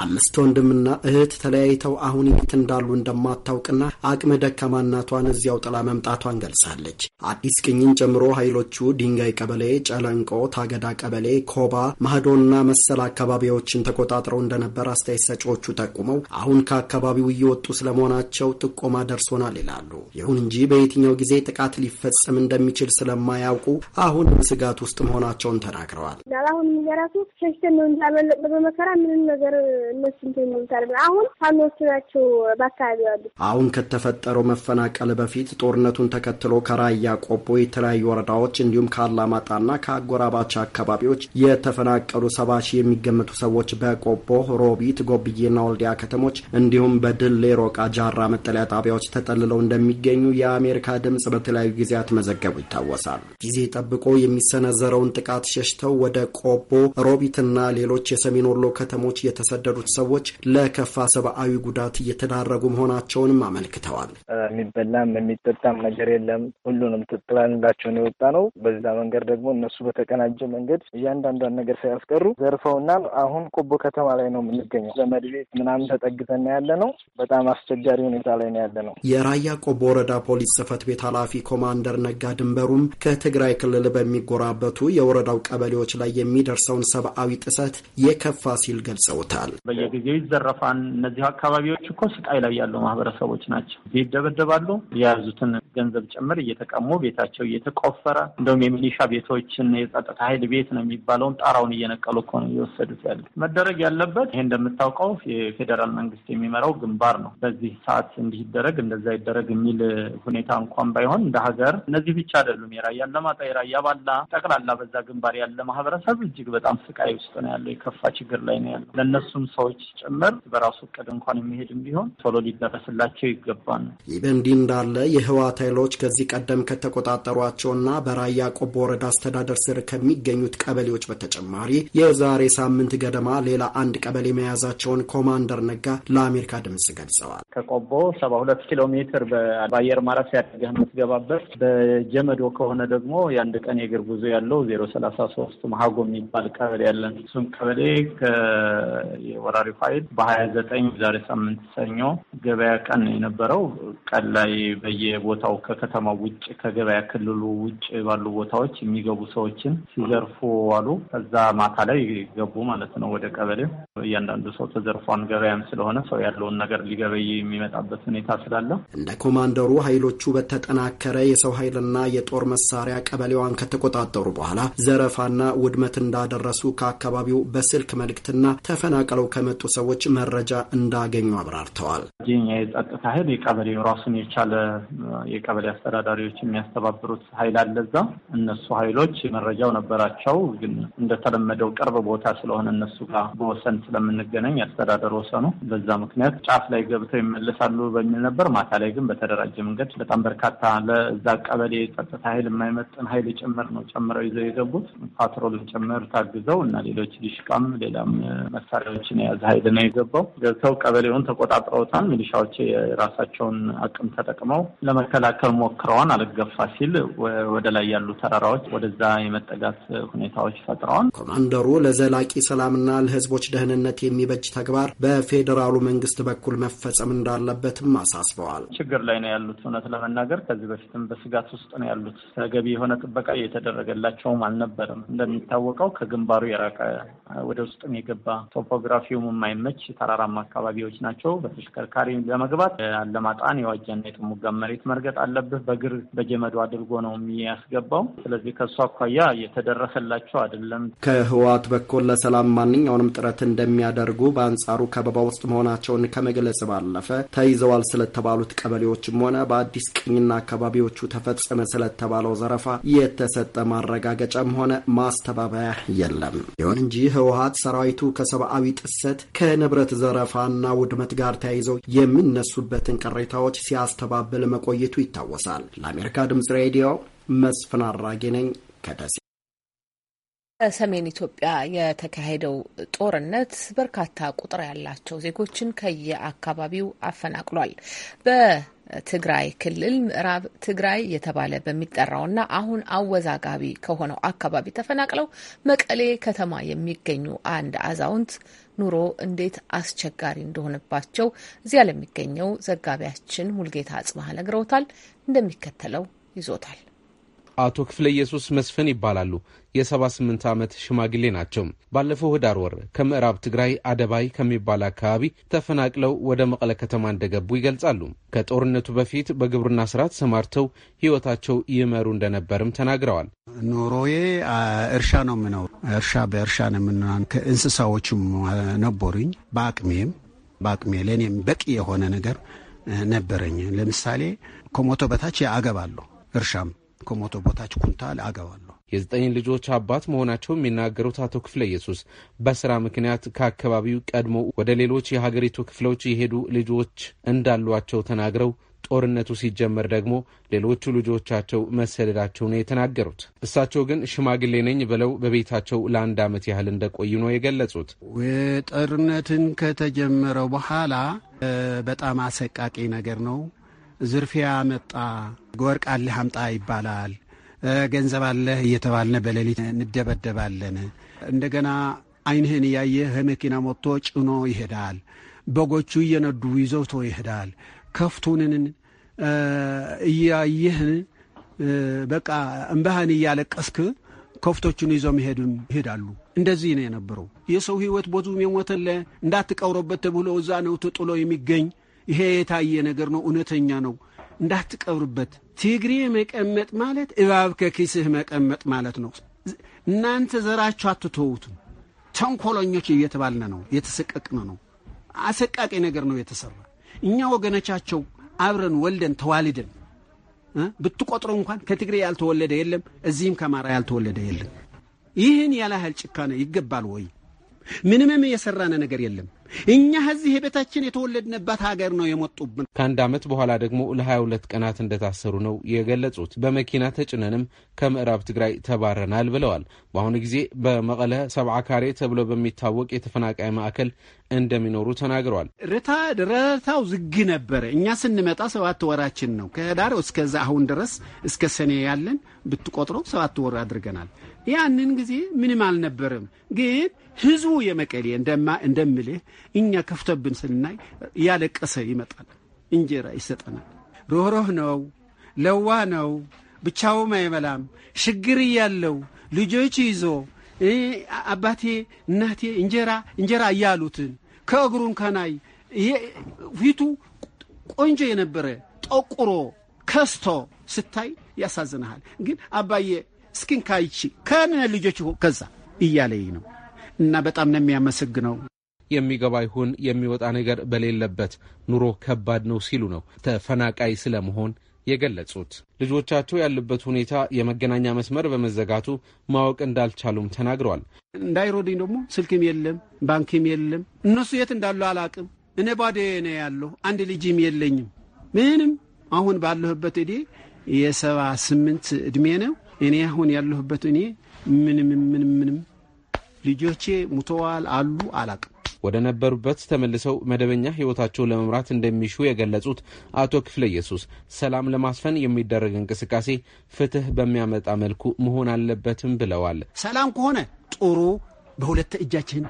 አምስት ወንድምና እህት ተለያይተው አሁን የት እንዳሉ እንደማታውቅና አቅመ ደካማ እናቷን እዚያው ጥላ መምጣቷን ገልጻለች። አዲስ ቅኝን ጨምሮ ኃይሎቹ ድንጋይ ቀበሌ፣ ጨለንቆ፣ ታገዳ ቀበሌ፣ ኮባ፣ ማህዶና መሰል አካባቢዎችን ተቆጣጥረው እንደነበር አስተያየት ሰጪዎቹ ጠቁመው አሁን ከአካባቢው እየወጡ ስለመሆናቸው ጥቆማ ደርሶናል ይላሉ። ይሁን እንጂ በየትኛው ጊዜ ጥቃት ሊፈጸም እንደሚችል ስለማያውቁ አሁን ስጋት ውስጥ መሆናቸውን ተናግረዋል። አሁን የራሱ ሸሽተን ነው እንዳመለጥ በመከራ ምንም ነገር እነሱ እንትን አሁን ፋኖቹ ናቸው በአካባቢ ያሉ። አሁን ከተፈጠረው መፈናቀል በፊት ጦርነቱን ተከትሎ ከራያ ቆቦ የተለያዩ ወረዳዎች እንዲሁም ከአላማጣና ከአጎራባች አካባቢዎች የተፈናቀሉ ሰባ በመቶ ሺህ የሚገመቱ ሰዎች በቆቦ፣ ሮቢት፣ ጎብዬና ወልዲያ ከተሞች እንዲሁም በድል ሮቃ ጃራ መጠለያ ጣቢያዎች ተጠልለው እንደሚገኙ የአሜሪካ ድምጽ በተለያዩ ጊዜያት መዘገቡ ይታወሳል። ጊዜ ጠብቆ የሚሰነዘረውን ጥቃት ሸሽተው ወደ ቆቦ፣ ሮቢትና ሌሎች የሰሜን ወሎ ከተሞች የተሰደዱት ሰዎች ለከፋ ሰብአዊ ጉዳት እየተዳረጉ መሆናቸውንም አመልክተዋል። የሚበላም የሚጠጣም ነገር የለም። ሁሉንም ትጥላንላቸውን የወጣ ነው። በዛ መንገድ ደግሞ እነሱ በተቀናጀ መንገድ እያንዳንዷን ነገር ሳያስቀሩ ዘርፈውና አሁን ቆቦ ከተማ ላይ ነው የምንገኘው። ዘመድ ቤት ምናምን ተጠግተና ያለ ነው። በጣም አስቸጋሪ ሁኔታ ላይ ነው ያለ ነው። የራያ ቆቦ ወረዳ ፖሊስ ጽህፈት ቤት ኃላፊ ኮማንደር ነጋ ድንበሩም ከትግራይ ክልል በሚጎራበቱ የወረዳው ቀበሌዎች ላይ የሚደርሰውን ሰብአዊ ጥሰት የከፋ ሲል ገልጸውታል። በየጊዜው ይዘረፋን። እነዚህ አካባቢዎች እኮ ስቃይ ላይ ያሉ ማህበረሰቦች ናቸው። ይደበደባሉ። የያዙትን ገንዘብ ጭምር እየተቀሙ ቤታቸው እየተቆፈረ እንደውም የሚሊሻ ቤቶችን የጸጥታ ኃይል ቤት ነው የሚባለውን ጣራውን እየነቀሉ እኮ ነው እየወሰዱት ያሉት። መደረግ ያለበት ይሄ እንደምታውቀው የፌዴራል መንግስት የሚመራው ግንባር ነው። በዚህ ሰዓት እንዲህ ይደረግ እንደዛ ይደረግ የሚል ሁኔታ እንኳን ባይሆን እንደ ሀገር እነዚህ ብቻ አይደሉም። የራያ አላማጣ፣ የራያ ባላ፣ ጠቅላላ በዛ ግንባር ያለ ማህበረሰብ እጅግ በጣም ስቃይ ውስጥ ነው ያለው። የከፋ ችግር ላይ ነው ያለው። ለእነሱም ሰዎች ጭምር በራሱ እቅድ እንኳን የሚሄድም ቢሆን ቶሎ ሊደረስላቸው ነው። ይህ በእንዲህ እንዳለ የህወሓት ኃይሎች ከዚህ ቀደም ከተቆጣጠሯቸውና በራያ ቆቦ ወረዳ አስተዳደር ስር ከሚገኙት ቀበሌዎች በተጨማሪ የዛሬ ሳምንት ገደማ ሌላ አንድ ቀበሌ መያዛቸውን ኮማንደር ነጋ ለአሜሪካ ድምጽ ገልጸዋል። ከቆቦ ሰባ ሁለት ኪሎ ሜትር በአየር ማረፊያ አድርገህ የምትገባበት በጀመዶ ከሆነ ደግሞ የአንድ ቀን የእግር ጉዞ ያለው ዜሮ ሰላሳ ሶስት መሀጎ የሚባል ቀበሌ ያለን እሱም ቀበሌ የወራሪ ኃይል በሀያ ዘጠኝ ዛሬ ሳምንት ሰኞ ገበያ ቀን የነበረው ቀን ላይ በየቦታው ከከተማው ውጭ ከገበያ ክልሉ ውጭ ባሉ ቦታዎች የሚገቡ ሰዎችን ሲዘርፉ አሉ። ከዛ ማታ ላይ ገቡ ማለት ነው ወደ ቀበሌ። እያንዳንዱ ሰው ተዘርፏን ገበያም ስለሆነ ሰው ያለውን ነገር ሊገበይ የሚመጣበት ሁኔታ ስላለ እንደ ኮማንደሩ ኃይሎቹ በተጠናከረ የሰው ኃይልና የጦር መሳሪያ ቀበሌዋን ከተቆጣጠሩ በኋላ ዘረፋና ውድመት እንዳደረሱ ከአካባቢው በስልክ መልእክትና ተፈናቅለው ከመጡ ሰዎች መረጃ እንዳገኙ አብራርተዋል። ጅኛ የጸጥታ ኃይል የቀበሌው ራሱን የቻለ የቀበሌ አስተዳዳሪዎች የሚያስተባብሩት ኃይል አለዛ እነሱ ኃይሎች መረጃው ነበራቸው፣ ግን እንደተለመደው ቅርብ በቅርብ ቦታ ስለሆነ እነሱ ጋር በወሰን ስለምንገናኝ ያስተዳደር ወሰኑ በዛ ምክንያት ጫፍ ላይ ገብተው ይመለሳሉ በሚል ነበር። ማታ ላይ ግን በተደራጀ መንገድ በጣም በርካታ ለዛ ቀበሌ ጸጥታ ኃይል የማይመጥን ኃይል ጭምር ነው ጨምረው ይዘው የገቡት ፓትሮልን ጭምር ታግዘው እና ሌሎች ዲሽቃም ሌላም መሳሪያዎችን የያዘ ኃይል ነው የገባው። ገብተው ቀበሌውን ተቆጣጥረውታል። ሚሊሻዎች የራሳቸውን አቅም ተጠቅመው ለመከላከል ሞክረዋል። አልገፋ ሲል ወደ ላይ ያሉ ተራራዎች ወደዛ የመጠጋት ሁኔታዎች ፈጥረዋል። ኮማንደሩ ለዘላቂ ሰላምና ለህዝቦች ደህንነት የሚበጅ ተግባር በፌዴራሉ መንግስት በኩል መፈጸም እንዳለበትም አሳስበዋል። ችግር ላይ ነው ያሉት። እውነት ለመናገር ከዚህ በፊትም በስጋት ውስጥ ነው ያሉት። ተገቢ የሆነ ጥበቃ እየተደረገላቸውም አልነበረም። እንደሚታወቀው ከግንባሩ የራቀ ወደ ውስጥም የገባ ቶፖግራፊውም የማይመች ተራራማ አካባቢዎች ናቸው። በተሽከርካሪ ለመግባት አለማጣን የዋጃና የጥሙጋ መሬት መርገጥ አለብህ። በግር በጀመዱ አድርጎ ነው የሚያስገባው። ስለዚህ ከእሱ አኳያ እየተደረሰላቸው አይደለም። ከህወሓት በኩል ለሰላም ማንኛውንም ጥረት እንደሚያደርጉ በአንጻሩ ከበባ ውስጥ መሆናቸውን ከመግለጽ ባለፈ ተይዘዋል ስለተባሉት ቀበሌዎችም ሆነ በአዲስ ቅኝና አካባቢዎቹ ተፈጸመ ስለተባለው ዘረፋ የተሰጠ ማረጋገጫም ሆነ ማስተባበያ የለም። ይሁን እንጂ ህወሀት ሰራዊቱ ከሰብአዊ ጥሰት ከንብረት ዘረፋና ውድመት ጋር ተያይዘው የሚነሱበትን ቅሬታዎች ሲያስተባብል መቆየቱ ይታወሳል። ለአሜሪካ ድምጽ ሬዲዮ መስፍን አራጌ ነኝ ከደሴ። በሰሜን ኢትዮጵያ የተካሄደው ጦርነት በርካታ ቁጥር ያላቸው ዜጎችን ከየአካባቢው አፈናቅሏል። በትግራይ ክልል ምዕራብ ትግራይ የተባለ በሚጠራውና አሁን አወዛጋቢ ከሆነው አካባቢ ተፈናቅለው መቀሌ ከተማ የሚገኙ አንድ አዛውንት ኑሮ እንዴት አስቸጋሪ እንደሆነባቸው እዚያ ለሚገኘው ዘጋቢያችን ሙልጌታ አጽባህ ነግረውታል። እንደሚከተለው ይዞታል። አቶ ክፍለ ኢየሱስ መስፍን ይባላሉ። የ78 ዓመት ሽማግሌ ናቸው። ባለፈው ህዳር ወር ከምዕራብ ትግራይ አደባይ ከሚባል አካባቢ ተፈናቅለው ወደ መቀለ ከተማ እንደገቡ ይገልጻሉ። ከጦርነቱ በፊት በግብርና ስራ ተሰማርተው ህይወታቸው ይመሩ እንደነበርም ተናግረዋል። ኖሮዬ እርሻ ነው የምኖር እርሻ በእርሻ ነው የምንሆን። ከእንስሳዎችም ነበሩኝ። በአቅሜም በአቅሜ ለእኔም በቂ የሆነ ነገር ነበረኝ። ለምሳሌ ከሞቶ በታች አገባለሁ። እርሻም ከሞቶ በታች ኩንታል አገባለሁ። የዘጠኝ ልጆች አባት መሆናቸው የሚናገሩት አቶ ክፍለ ኢየሱስ በስራ ምክንያት ከአካባቢው ቀድሞ ወደ ሌሎች የሀገሪቱ ክፍሎች የሄዱ ልጆች እንዳሏቸው ተናግረው ጦርነቱ ሲጀመር ደግሞ ሌሎቹ ልጆቻቸው መሰደዳቸው ነው የተናገሩት። እሳቸው ግን ሽማግሌ ነኝ ብለው በቤታቸው ለአንድ ዓመት ያህል እንደቆዩ ነው የገለጹት። ጦርነትን ከተጀመረው በኋላ በጣም አሰቃቂ ነገር ነው። ዝርፊያ መጣ፣ ወርቅ አምጣ ይባላል። ገንዘብ አለህ እየተባልን በሌሊት እንደበደባለን። እንደገና አይንህን እያየህ መኪና ሞቶ ጭኖ ይሄዳል። በጎቹ እየነዱ ይዘውቶ ይሄዳል። ከፍቱንን እያየህን በቃ እምባህን እያለቀስክ ከፍቶቹን ይዞ መሄድም ይሄዳሉ። እንደዚህ ነው የነበረው። የሰው ህይወት ቦቱም የሞተለ እንዳትቀውረበት ተብሎ እዛ ነው ተጥሎ የሚገኝ ይሄ የታየ ነገር ነው፣ እውነተኛ ነው። እንዳትቀብሩበት። ትግሬ መቀመጥ ማለት እባብ ከኪስህ መቀመጥ ማለት ነው። እናንተ ዘራችሁ አትተውቱም። ተንኮለኞች እየተባልነ ነው፣ እየተሰቀቅነ ነው። አሰቃቂ ነገር ነው የተሰራ። እኛ ወገኖቻቸው አብረን ወልደን ተዋልደን ብትቆጥሩ እንኳን ከትግሬ ያልተወለደ የለም፣ እዚህም ከማራ ያልተወለደ የለም። ይህን ያላህል ጭካኔ ይገባል ወይ? ምንምም የሰራነ ነገር የለም። እኛ እዚህ የቤታችን የተወለድንባት ሀገር ነው የመጡብን። ከአንድ ዓመት በኋላ ደግሞ ለሀያ ሁለት ቀናት እንደታሰሩ ነው የገለጹት። በመኪና ተጭነንም ከምዕራብ ትግራይ ተባረናል ብለዋል። በአሁኑ ጊዜ በመቀለ ሰብዓ ካሬ ተብሎ በሚታወቅ የተፈናቃይ ማዕከል እንደሚኖሩ ተናግረዋል። ርታ ረታው ዝግ ነበረ። እኛ ስንመጣ ሰባት ወራችን ነው። ከህዳር እስከዛ አሁን ድረስ እስከ ሰኔ ያለን ብትቆጥረው ሰባት ወር አድርገናል። ያንን ጊዜ ምንም አልነበርም ግን ህዝቡ የመቀሌ እንደምልህ እኛ ከፍቶብን ስናይ እያለቀሰ ይመጣል፣ እንጀራ ይሰጠናል። ሮህሮህ ነው፣ ለዋ ነው፣ ብቻውም አይበላም። ችግር እያለው ልጆች ይዞ አባቴ እናቴ እንጀራ እንጀራ እያሉትን ከእግሩን ከናይ ፊቱ ቆንጆ የነበረ ጠቁሮ ከስቶ ስታይ ያሳዝንሃል። ግን አባዬ እስኪን ካይቺ ከነ ልጆች ከዛ እያለይ ነው እና በጣም ነው የሚያመሰግነው። የሚገባ ይሁን የሚወጣ ነገር በሌለበት ኑሮ ከባድ ነው ሲሉ ነው ተፈናቃይ ስለመሆን የገለጹት። ልጆቻቸው ያለበት ሁኔታ የመገናኛ መስመር በመዘጋቱ ማወቅ እንዳልቻሉም ተናግረዋል። እንዳይሮድኝ ደግሞ ስልክም የለም ባንክም የለም። እነሱ የት እንዳሉ አላቅም። እኔ ባዴ ነው ያለሁ። አንድ ልጅም የለኝም ምንም። አሁን ባለሁበት እዴ የሰባ ስምንት እድሜ ነው። እኔ አሁን ያለሁበት እኔ ምንም ምንም ምንም ልጆቼ ሙተዋል አሉ አላቅም ወደ ነበሩበት ተመልሰው መደበኛ ህይወታቸው ለመምራት እንደሚሹ የገለጹት አቶ ክፍለ ኢየሱስ ሰላም ለማስፈን የሚደረግ እንቅስቃሴ ፍትህ በሚያመጣ መልኩ መሆን አለበትም ብለዋል። ሰላም ከሆነ ጥሩ በሁለት እጃችን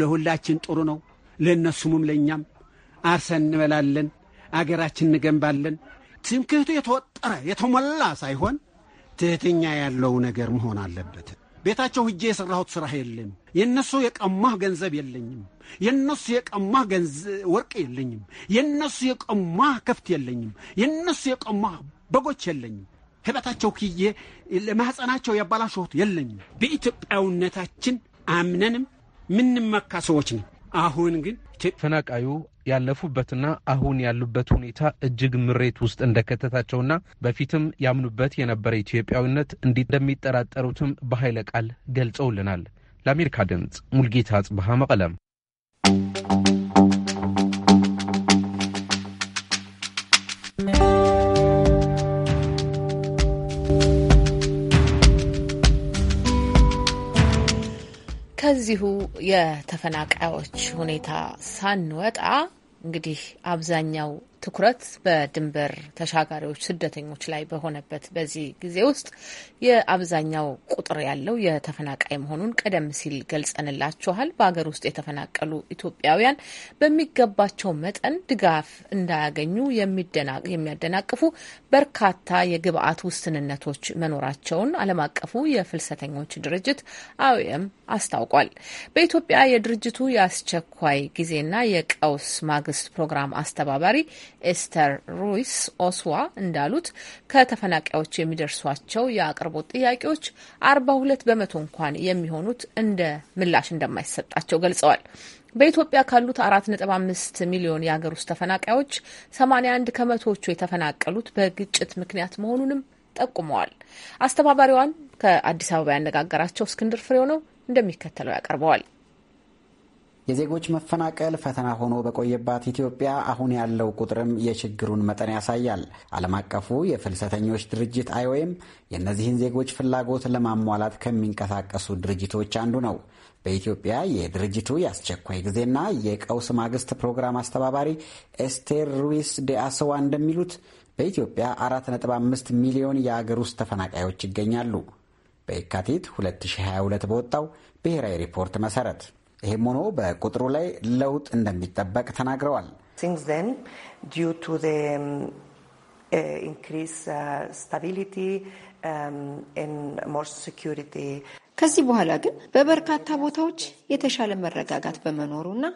ለሁላችን ጥሩ ነው። ለእነሱምም ለእኛም አርሰን እንበላለን፣ አገራችን እንገንባለን። ትምክህቱ የተወጠረ የተሞላ ሳይሆን ትህትኛ ያለው ነገር መሆን አለበት። ቤታቸው ሂጄ የሰራሁት ሥራ የለም። የእነሱ የቀማህ ገንዘብ የለኝም። የእነሱ የቀማህ ወርቅ የለኝም። የእነሱ የቀማህ ከፍት የለኝም። የእነሱ የቀማህ በጎች የለኝም። ህበታቸው ክዬ ለማሕፀናቸው ያባላሸሁት የለኝም። በኢትዮጵያዊነታችን አምነንም ምንመካ ሰዎች ነው። አሁን ግን ተፈናቃዩ ያለፉበትና አሁን ያሉበት ሁኔታ እጅግ ምሬት ውስጥ እንደከተታቸውና በፊትም ያምኑበት የነበረ ኢትዮጵያዊነት እንደሚጠራጠሩትም በኃይለ ቃል ገልጸውልናል። ለአሜሪካ ድምፅ ሙልጌታ አጽብሃ መቀለም ከዚሁ የተፈናቃዮች ሁኔታ ሳንወጣ እንግዲህ አብዛኛው ትኩረት በድንበር ተሻጋሪዎች ስደተኞች ላይ በሆነበት በዚህ ጊዜ ውስጥ የአብዛኛው ቁጥር ያለው የተፈናቃይ መሆኑን ቀደም ሲል ገልጸንላችኋል። በሀገር ውስጥ የተፈናቀሉ ኢትዮጵያውያን በሚገባቸው መጠን ድጋፍ እንዳያገኙ የሚያደናቅፉ በርካታ የግብአት ውስንነቶች መኖራቸውን ዓለም አቀፉ የፍልሰተኞች ድርጅት አይኦኤም አስታውቋል። በኢትዮጵያ የድርጅቱ የአስቸኳይ ጊዜና የቀውስ ማግስት ፕሮግራም አስተባባሪ ኤስተር ሩይስ ኦስዋ እንዳሉት ከተፈናቃዮች የሚደርሷቸው የአቅርቦት ጥያቄዎች አርባ ሁለት በመቶ እንኳን የሚሆኑት እንደ ምላሽ እንደማይሰጣቸው ገልጸዋል። በኢትዮጵያ ካሉት አራት ነጥብ አምስት ሚሊዮን የሀገር ውስጥ ተፈናቃዮች ሰማኒያ አንድ ከመቶዎቹ የተፈናቀሉት በግጭት ምክንያት መሆኑንም ጠቁመዋል። አስተባባሪዋን ከአዲስ አበባ ያነጋገራቸው እስክንድር ፍሬው ነው እንደሚከተለው ያቀርበዋል። የዜጎች መፈናቀል ፈተና ሆኖ በቆየባት ኢትዮጵያ አሁን ያለው ቁጥርም የችግሩን መጠን ያሳያል። ዓለም አቀፉ የፍልሰተኞች ድርጅት አይኦኤም የእነዚህን ዜጎች ፍላጎት ለማሟላት ከሚንቀሳቀሱ ድርጅቶች አንዱ ነው። በኢትዮጵያ የድርጅቱ የአስቸኳይ ጊዜና የቀውስ ማግስት ፕሮግራም አስተባባሪ ኤስቴር ሩዊስ ዴ እንደሚሉት በኢትዮጵያ 4.5 ሚሊዮን የአገር ውስጥ ተፈናቃዮች ይገኛሉ። በየካቲት 2022 በወጣው ብሔራዊ ሪፖርት መሠረት ይህም ሆኖ በቁጥሩ ላይ ለውጥ እንደሚጠበቅ ተናግረዋል። ስታቢሊቲ ሞር ከዚህ በኋላ ግን በበርካታ ቦታዎች የተሻለ መረጋጋት በመኖሩና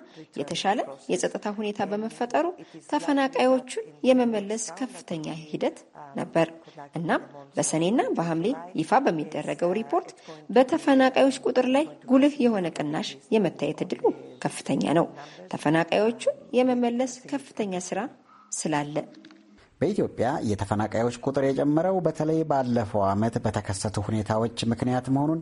የተሻለ የጸጥታ ሁኔታ በመፈጠሩ ተፈናቃዮቹን የመመለስ ከፍተኛ ሂደት ነበር። እናም በሰኔና በሐምሌ ይፋ በሚደረገው ሪፖርት በተፈናቃዮች ቁጥር ላይ ጉልህ የሆነ ቅናሽ የመታየት እድሉ ከፍተኛ ነው። ተፈናቃዮቹን የመመለስ ከፍተኛ ስራ ስላለ በኢትዮጵያ የተፈናቃዮች ቁጥር የጨመረው በተለይ ባለፈው ዓመት በተከሰቱ ሁኔታዎች ምክንያት መሆኑን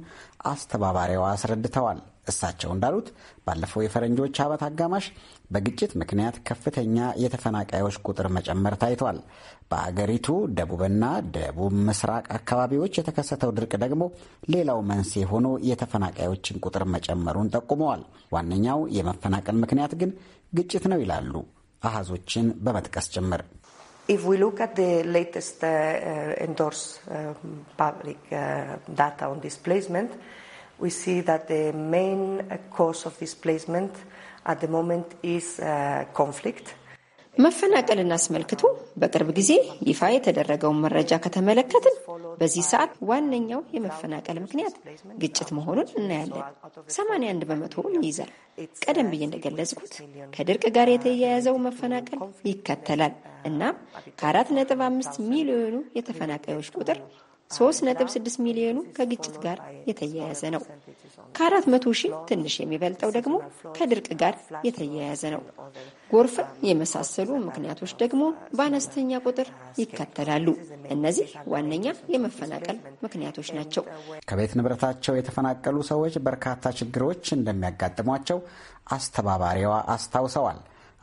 አስተባባሪዋ አስረድተዋል። እሳቸው እንዳሉት ባለፈው የፈረንጆች ዓመት አጋማሽ በግጭት ምክንያት ከፍተኛ የተፈናቃዮች ቁጥር መጨመር ታይቷል። በአገሪቱ ደቡብና ደቡብ ምስራቅ አካባቢዎች የተከሰተው ድርቅ ደግሞ ሌላው መንስኤ ሆኖ የተፈናቃዮችን ቁጥር መጨመሩን ጠቁመዋል። ዋነኛው የመፈናቀል ምክንያት ግን ግጭት ነው ይላሉ አሃዞችን በመጥቀስ ጭምር If we look at the latest uh, uh, endorsed uh, public data on displacement, we see that the main cause of displacement at the moment is conflict መፈናቀልን አስመልክቶ በቅርብ ጊዜ ይፋ የተደረገውን መረጃ ከተመለከትን በዚህ ሰዓት ዋነኛው የመፈናቀል ምክንያት ግጭት መሆኑን እናያለን። 81 በመቶ ይይዛል። ቀደም ብዬ እንደገለጽኩት ከድርቅ ጋር የተያያዘው መፈናቀል ይከተላል። እናም ከ4.5 ሚሊዮኑ የተፈናቃዮች ቁጥር 3.6 ሚሊዮኑ ከግጭት ጋር የተያያዘ ነው። ከአራት መቶ ሺህ ትንሽ የሚበልጠው ደግሞ ከድርቅ ጋር የተያያዘ ነው። ጎርፍን የመሳሰሉ ምክንያቶች ደግሞ በአነስተኛ ቁጥር ይከተላሉ። እነዚህ ዋነኛ የመፈናቀል ምክንያቶች ናቸው። ከቤት ንብረታቸው የተፈናቀሉ ሰዎች በርካታ ችግሮች እንደሚያጋጥሟቸው አስተባባሪዋ አስታውሰዋል።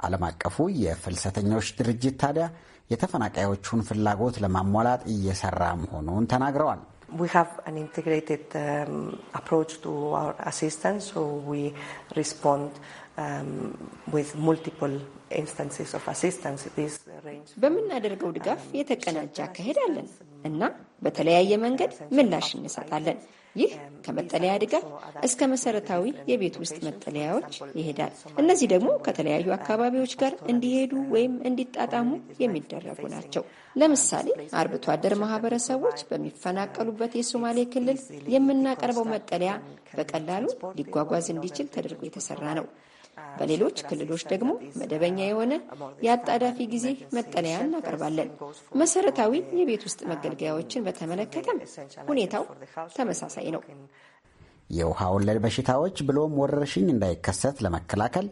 ዓለም አቀፉ የፍልሰተኞች ድርጅት ታዲያ የተፈናቃዮቹን ፍላጎት ለማሟላት እየሰራ መሆኑን ተናግረዋል። We have an integrated um, approach to our assistance, so we respond um, with multiple instances of assistance. This range በምናደርገው ድጋፍ የተቀናጀ አካሄድ አለን እና በተለያየ መንገድ ምላሽ እንሰጣለን። ይህ um, ከመጠለያ ድጋፍ እስከ መሰረታዊ የቤት ውስጥ መጠለያዎች ይሄዳል። እነዚህ ደግሞ ከተለያዩ አካባቢዎች ጋር እንዲሄዱ ወይም እንዲጣጣሙ የሚደረጉ ናቸው። ለምሳሌ አርብቶ አደር ማህበረሰቦች በሚፈናቀሉበት um, የሶማሌ ክልል የምናቀርበው መጠለያ በቀላሉ ሊጓጓዝ እንዲችል ተደርጎ የተሰራ ነው። በሌሎች ክልሎች ደግሞ መደበኛ የሆነ የአጣዳፊ ጊዜ መጠለያ እናቀርባለን። መሰረታዊ የቤት ውስጥ መገልገያዎችን በተመለከተም ሁኔታው ተመሳሳይ ነው። የውሃ ወለድ በሽታዎች ብሎም ወረርሽኝ እንዳይከሰት ለመከላከል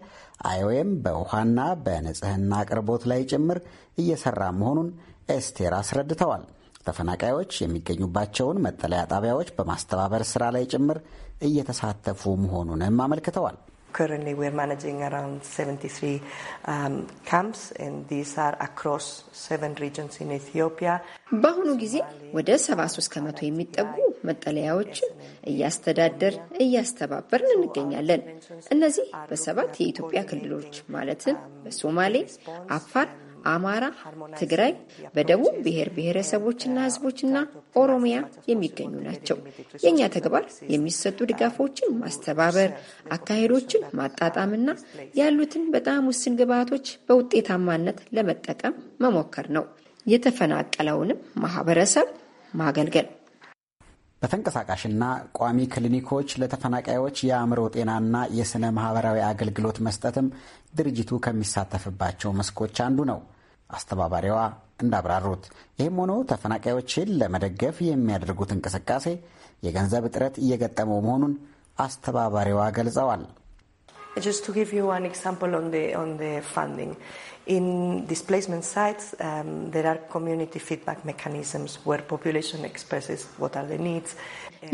አይኦኤም በውሃና በንጽህና አቅርቦት ላይ ጭምር እየሰራ መሆኑን ኤስቴር አስረድተዋል። ተፈናቃዮች የሚገኙባቸውን መጠለያ ጣቢያዎች በማስተባበር ስራ ላይ ጭምር እየተሳተፉ መሆኑንም አመልክተዋል። currently we're managing around 73 um, camps and these are across seven regions in Ethiopia. በአሁኑ ጊዜ ወደ 73 ከመቶ የሚጠጉ መጠለያዎችን እያስተዳደር እያስተባበርን እንገኛለን። እነዚህ በሰባት የኢትዮጵያ ክልሎች ማለትም በሶማሌ፣ አፋር አማራ፣ ትግራይ፣ በደቡብ ብሔር ብሔረሰቦችና ህዝቦችና ኦሮሚያ የሚገኙ ናቸው። የእኛ ተግባር የሚሰጡ ድጋፎችን ማስተባበር፣ አካሄዶችን ማጣጣምና ያሉትን በጣም ውስን ግብዓቶች በውጤታማነት ለመጠቀም መሞከር ነው። የተፈናቀለውንም ማህበረሰብ ማገልገል በተንቀሳቃሽና ቋሚ ክሊኒኮች ለተፈናቃዮች የአእምሮ ጤናና የሥነ ማኅበራዊ አገልግሎት መስጠትም ድርጅቱ ከሚሳተፍባቸው መስኮች አንዱ ነው። አስተባባሪዋ እንዳብራሩት ይህም ሆኖ ተፈናቃዮችን ለመደገፍ የሚያደርጉት እንቅስቃሴ የገንዘብ እጥረት እየገጠመው መሆኑን አስተባባሪዋ ገልጸዋል። Just to give you an example on the, on the funding. In displacement sites, um, there are community feedback mechanisms where population expresses what are the needs.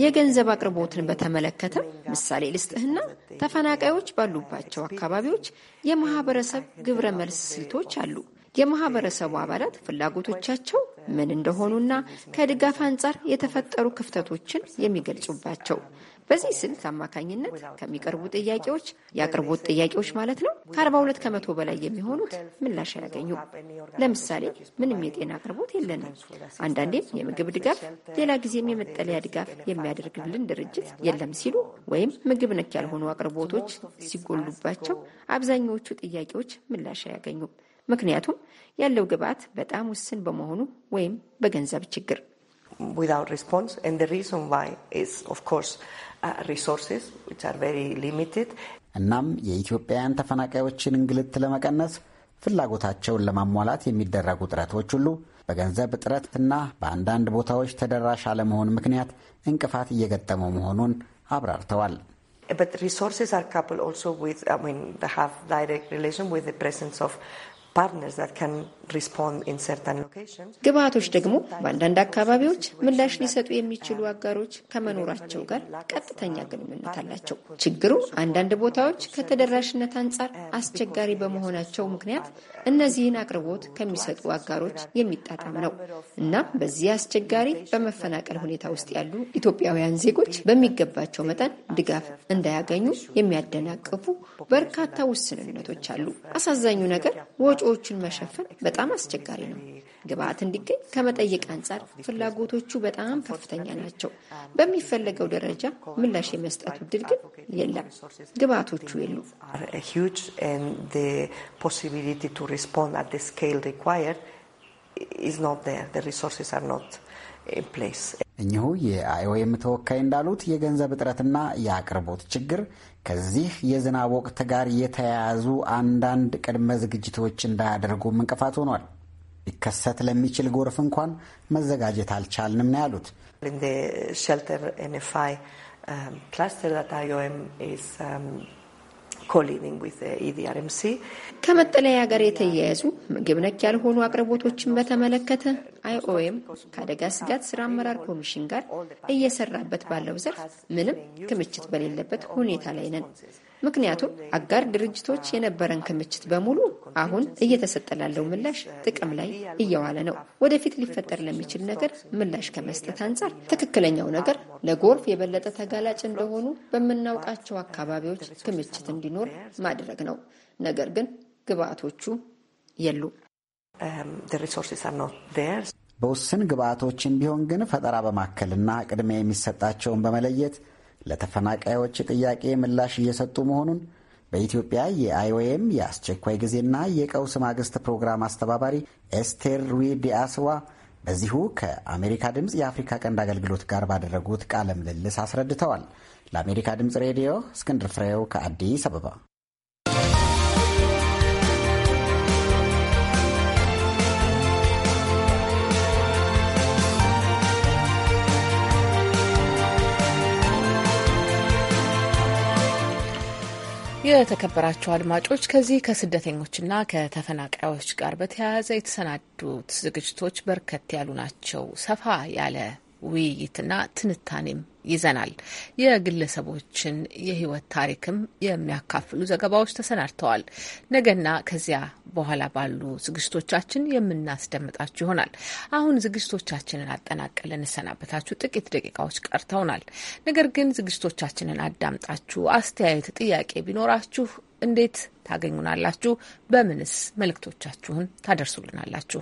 የገንዘብ አቅርቦትን በተመለከተ ምሳሌ ልስጥህና ተፈናቃዮች ባሉባቸው አካባቢዎች የማህበረሰብ ግብረ መልስ ስልቶች አሉ። የማህበረሰቡ አባላት ፍላጎቶቻቸው ምን እንደሆኑና ከድጋፍ አንጻር የተፈጠሩ ክፍተቶችን የሚገልጹባቸው በዚህ ስልት አማካኝነት ከሚቀርቡ ጥያቄዎች የአቅርቦት ጥያቄዎች ማለት ነው ከ42 ከመቶ በላይ የሚሆኑት ምላሽ አያገኙ። ለምሳሌ ምንም የጤና አቅርቦት የለንም። አንዳንዴም የምግብ ድጋፍ፣ ሌላ ጊዜም የመጠለያ ድጋፍ የሚያደርግልን ድርጅት የለም ሲሉ ወይም ምግብ ነክ ያልሆኑ አቅርቦቶች ሲጎሉባቸው አብዛኛዎቹ ጥያቄዎች ምላሽ አያገኙ። ምክንያቱም ያለው ግብዓት በጣም ውስን በመሆኑ ወይም በገንዘብ ችግር Uh, resources which are very limited እናም የኢትዮጵያውያን ተፈናቃዮችን እንግልት ለመቀነስ ፍላጎታቸውን ለማሟላት የሚደረጉ ጥረቶች ሁሉ በገንዘብ እጥረትና በአንዳንድ ቦታዎች ተደራሽ አለመሆን ምክንያት እንቅፋት እየገጠመው መሆኑን አብራርተዋል። but resources are coupled also with, I uh, mean, they have direct relation with the presence of ግብአቶች ደግሞ በአንዳንድ አካባቢዎች ምላሽ ሊሰጡ የሚችሉ አጋሮች ከመኖራቸው ጋር ቀጥተኛ ግንኙነት አላቸው። ችግሩ አንዳንድ ቦታዎች ከተደራሽነት አንጻር አስቸጋሪ በመሆናቸው ምክንያት እነዚህን አቅርቦት ከሚሰጡ አጋሮች የሚጣጣም ነው እና በዚህ አስቸጋሪ በመፈናቀል ሁኔታ ውስጥ ያሉ ኢትዮጵያውያን ዜጎች በሚገባቸው መጠን ድጋፍ እንዳያገኙ የሚያደናቅፉ በርካታ ውስንነቶች አሉ። አሳዛኙ ነገር ወጪ ወጪዎቹን መሸፈን በጣም አስቸጋሪ ነው። ግብአት እንዲገኝ ከመጠየቅ አንጻር ፍላጎቶቹ በጣም ከፍተኛ ናቸው። በሚፈለገው ደረጃ ምላሽ የመስጠት እድል ግን የለም። ግብአቶቹ የሉም። እኚሁ የአይኦኤም ተወካይ እንዳሉት የገንዘብ እጥረትና የአቅርቦት ችግር ከዚህ የዝናብ ወቅት ጋር የተያያዙ አንዳንድ ቅድመ ዝግጅቶች እንዳያደርጉም እንቅፋት ሆኗል። ሊከሰት ለሚችል ጎርፍ እንኳን መዘጋጀት አልቻልንም ነው ያሉት። ሸልተር ፕላስተር ዳት E ከመጠለያ ጋር የተያያዙ ምግብ ነክ ያልሆኑ አቅርቦቶችን በተመለከተ አይኦኤም ከአደጋ ስጋት ስራ አመራር ኮሚሽን ጋር እየሰራበት ባለው ዘርፍ ምንም ክምችት በሌለበት ሁኔታ ላይ ነን። ምክንያቱም አጋር ድርጅቶች የነበረን ክምችት በሙሉ አሁን እየተሰጠ ላለው ምላሽ ጥቅም ላይ እየዋለ ነው። ወደፊት ሊፈጠር ለሚችል ነገር ምላሽ ከመስጠት አንጻር ትክክለኛው ነገር ለጎርፍ የበለጠ ተጋላጭ እንደሆኑ በምናውቃቸው አካባቢዎች ክምችት እንዲኖር ማድረግ ነው። ነገር ግን ግብአቶቹ የሉ። um, በውስን ግብአቶችን ቢሆን ግን ፈጠራ በማከልና ቅድሚያ የሚሰጣቸውን በመለየት ለተፈናቃዮች ጥያቄ ምላሽ እየሰጡ መሆኑን በኢትዮጵያ የአይኦኤም የአስቸኳይ ጊዜና የቀውስ ማግስት ፕሮግራም አስተባባሪ ኤስቴር ሩይ በዚሁ ከአሜሪካ ድምፅ የአፍሪካ ቀንድ አገልግሎት ጋር ባደረጉት ቃለ ምልልስ አስረድተዋል። ለአሜሪካ ድምፅ ሬዲዮ እስክንድር ፍሬው ከአዲስ አበባ የተከበራቸው አድማጮች ከዚህ ከስደተኞችና ከተፈናቃዮች ጋር በተያያዘ የተሰናዱት ዝግጅቶች በርከት ያሉ ናቸው። ሰፋ ያለ ውይይትና ትንታኔም ይዘናል። የግለሰቦችን የህይወት ታሪክም የሚያካፍሉ ዘገባዎች ተሰናድተዋል። ነገና ከዚያ በኋላ ባሉ ዝግጅቶቻችን የምናስደምጣችሁ ይሆናል። አሁን ዝግጅቶቻችንን አጠናቀን ልንሰናበታችሁ ጥቂት ደቂቃዎች ቀርተውናል። ነገር ግን ዝግጅቶቻችንን አዳምጣችሁ አስተያየት፣ ጥያቄ ቢኖራችሁ እንዴት ታገኙናላችሁ? በምንስ መልእክቶቻችሁን ታደርሱልናላችሁ?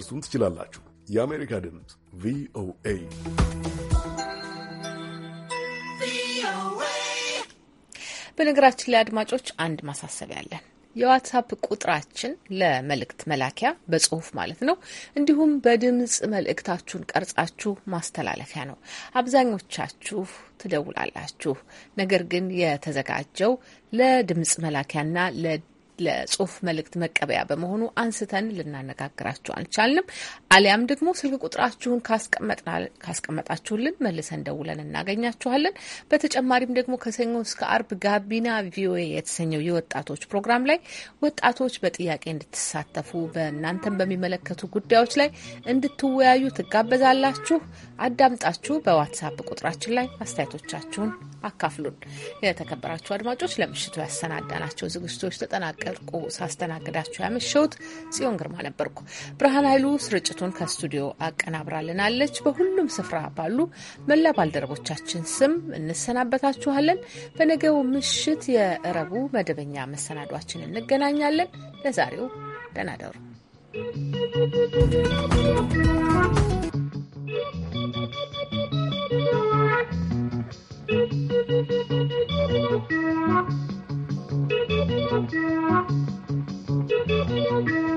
ልታደርሱን ትችላላችሁ። የአሜሪካ ድምፅ ቪኦኤ በነገራችን ላይ አድማጮች አንድ ማሳሰቢያ አለን። የዋትሳፕ ቁጥራችን ለመልእክት መላኪያ በጽሁፍ ማለት ነው። እንዲሁም በድምፅ መልእክታችሁን ቀርጻችሁ ማስተላለፊያ ነው። አብዛኞቻችሁ ትደውላላችሁ። ነገር ግን የተዘጋጀው ለድምፅ መላኪያና ለጽሁፍ መልእክት መቀበያ በመሆኑ አንስተን ልናነጋግራችሁ አልቻልንም። አሊያም ደግሞ ስልክ ቁጥራችሁን ካስቀመጣችሁልን መልሰን ደውለን እናገኛችኋለን። በተጨማሪም ደግሞ ከሰኞ እስከ አርብ ጋቢና ቪኦኤ የተሰኘው የወጣቶች ፕሮግራም ላይ ወጣቶች በጥያቄ እንድትሳተፉ በእናንተን በሚመለከቱ ጉዳዮች ላይ እንድትወያዩ ትጋበዛላችሁ። አዳምጣችሁ በዋትሳፕ ቁጥራችን ላይ አስተያየቶቻችሁን አካፍሉን። የተከበራችሁ አድማጮች ለምሽቱ ያሰናዳናቸው ዝግጅቶች ተጠናቀ ሸርቆ ሳስተናግዳችሁ ያመሸሁት ጽዮን ግርማ ነበርኩ። ብርሃን ኃይሉ ስርጭቱን ከስቱዲዮ አቀናብራልናለች። በሁሉም ስፍራ ባሉ መላ ባልደረቦቻችን ስም እንሰናበታችኋለን። በነገው ምሽት የእረቡ መደበኛ መሰናዷችን እንገናኛለን። ለዛሬው ደህና ደሩ። Thank you. Thank you.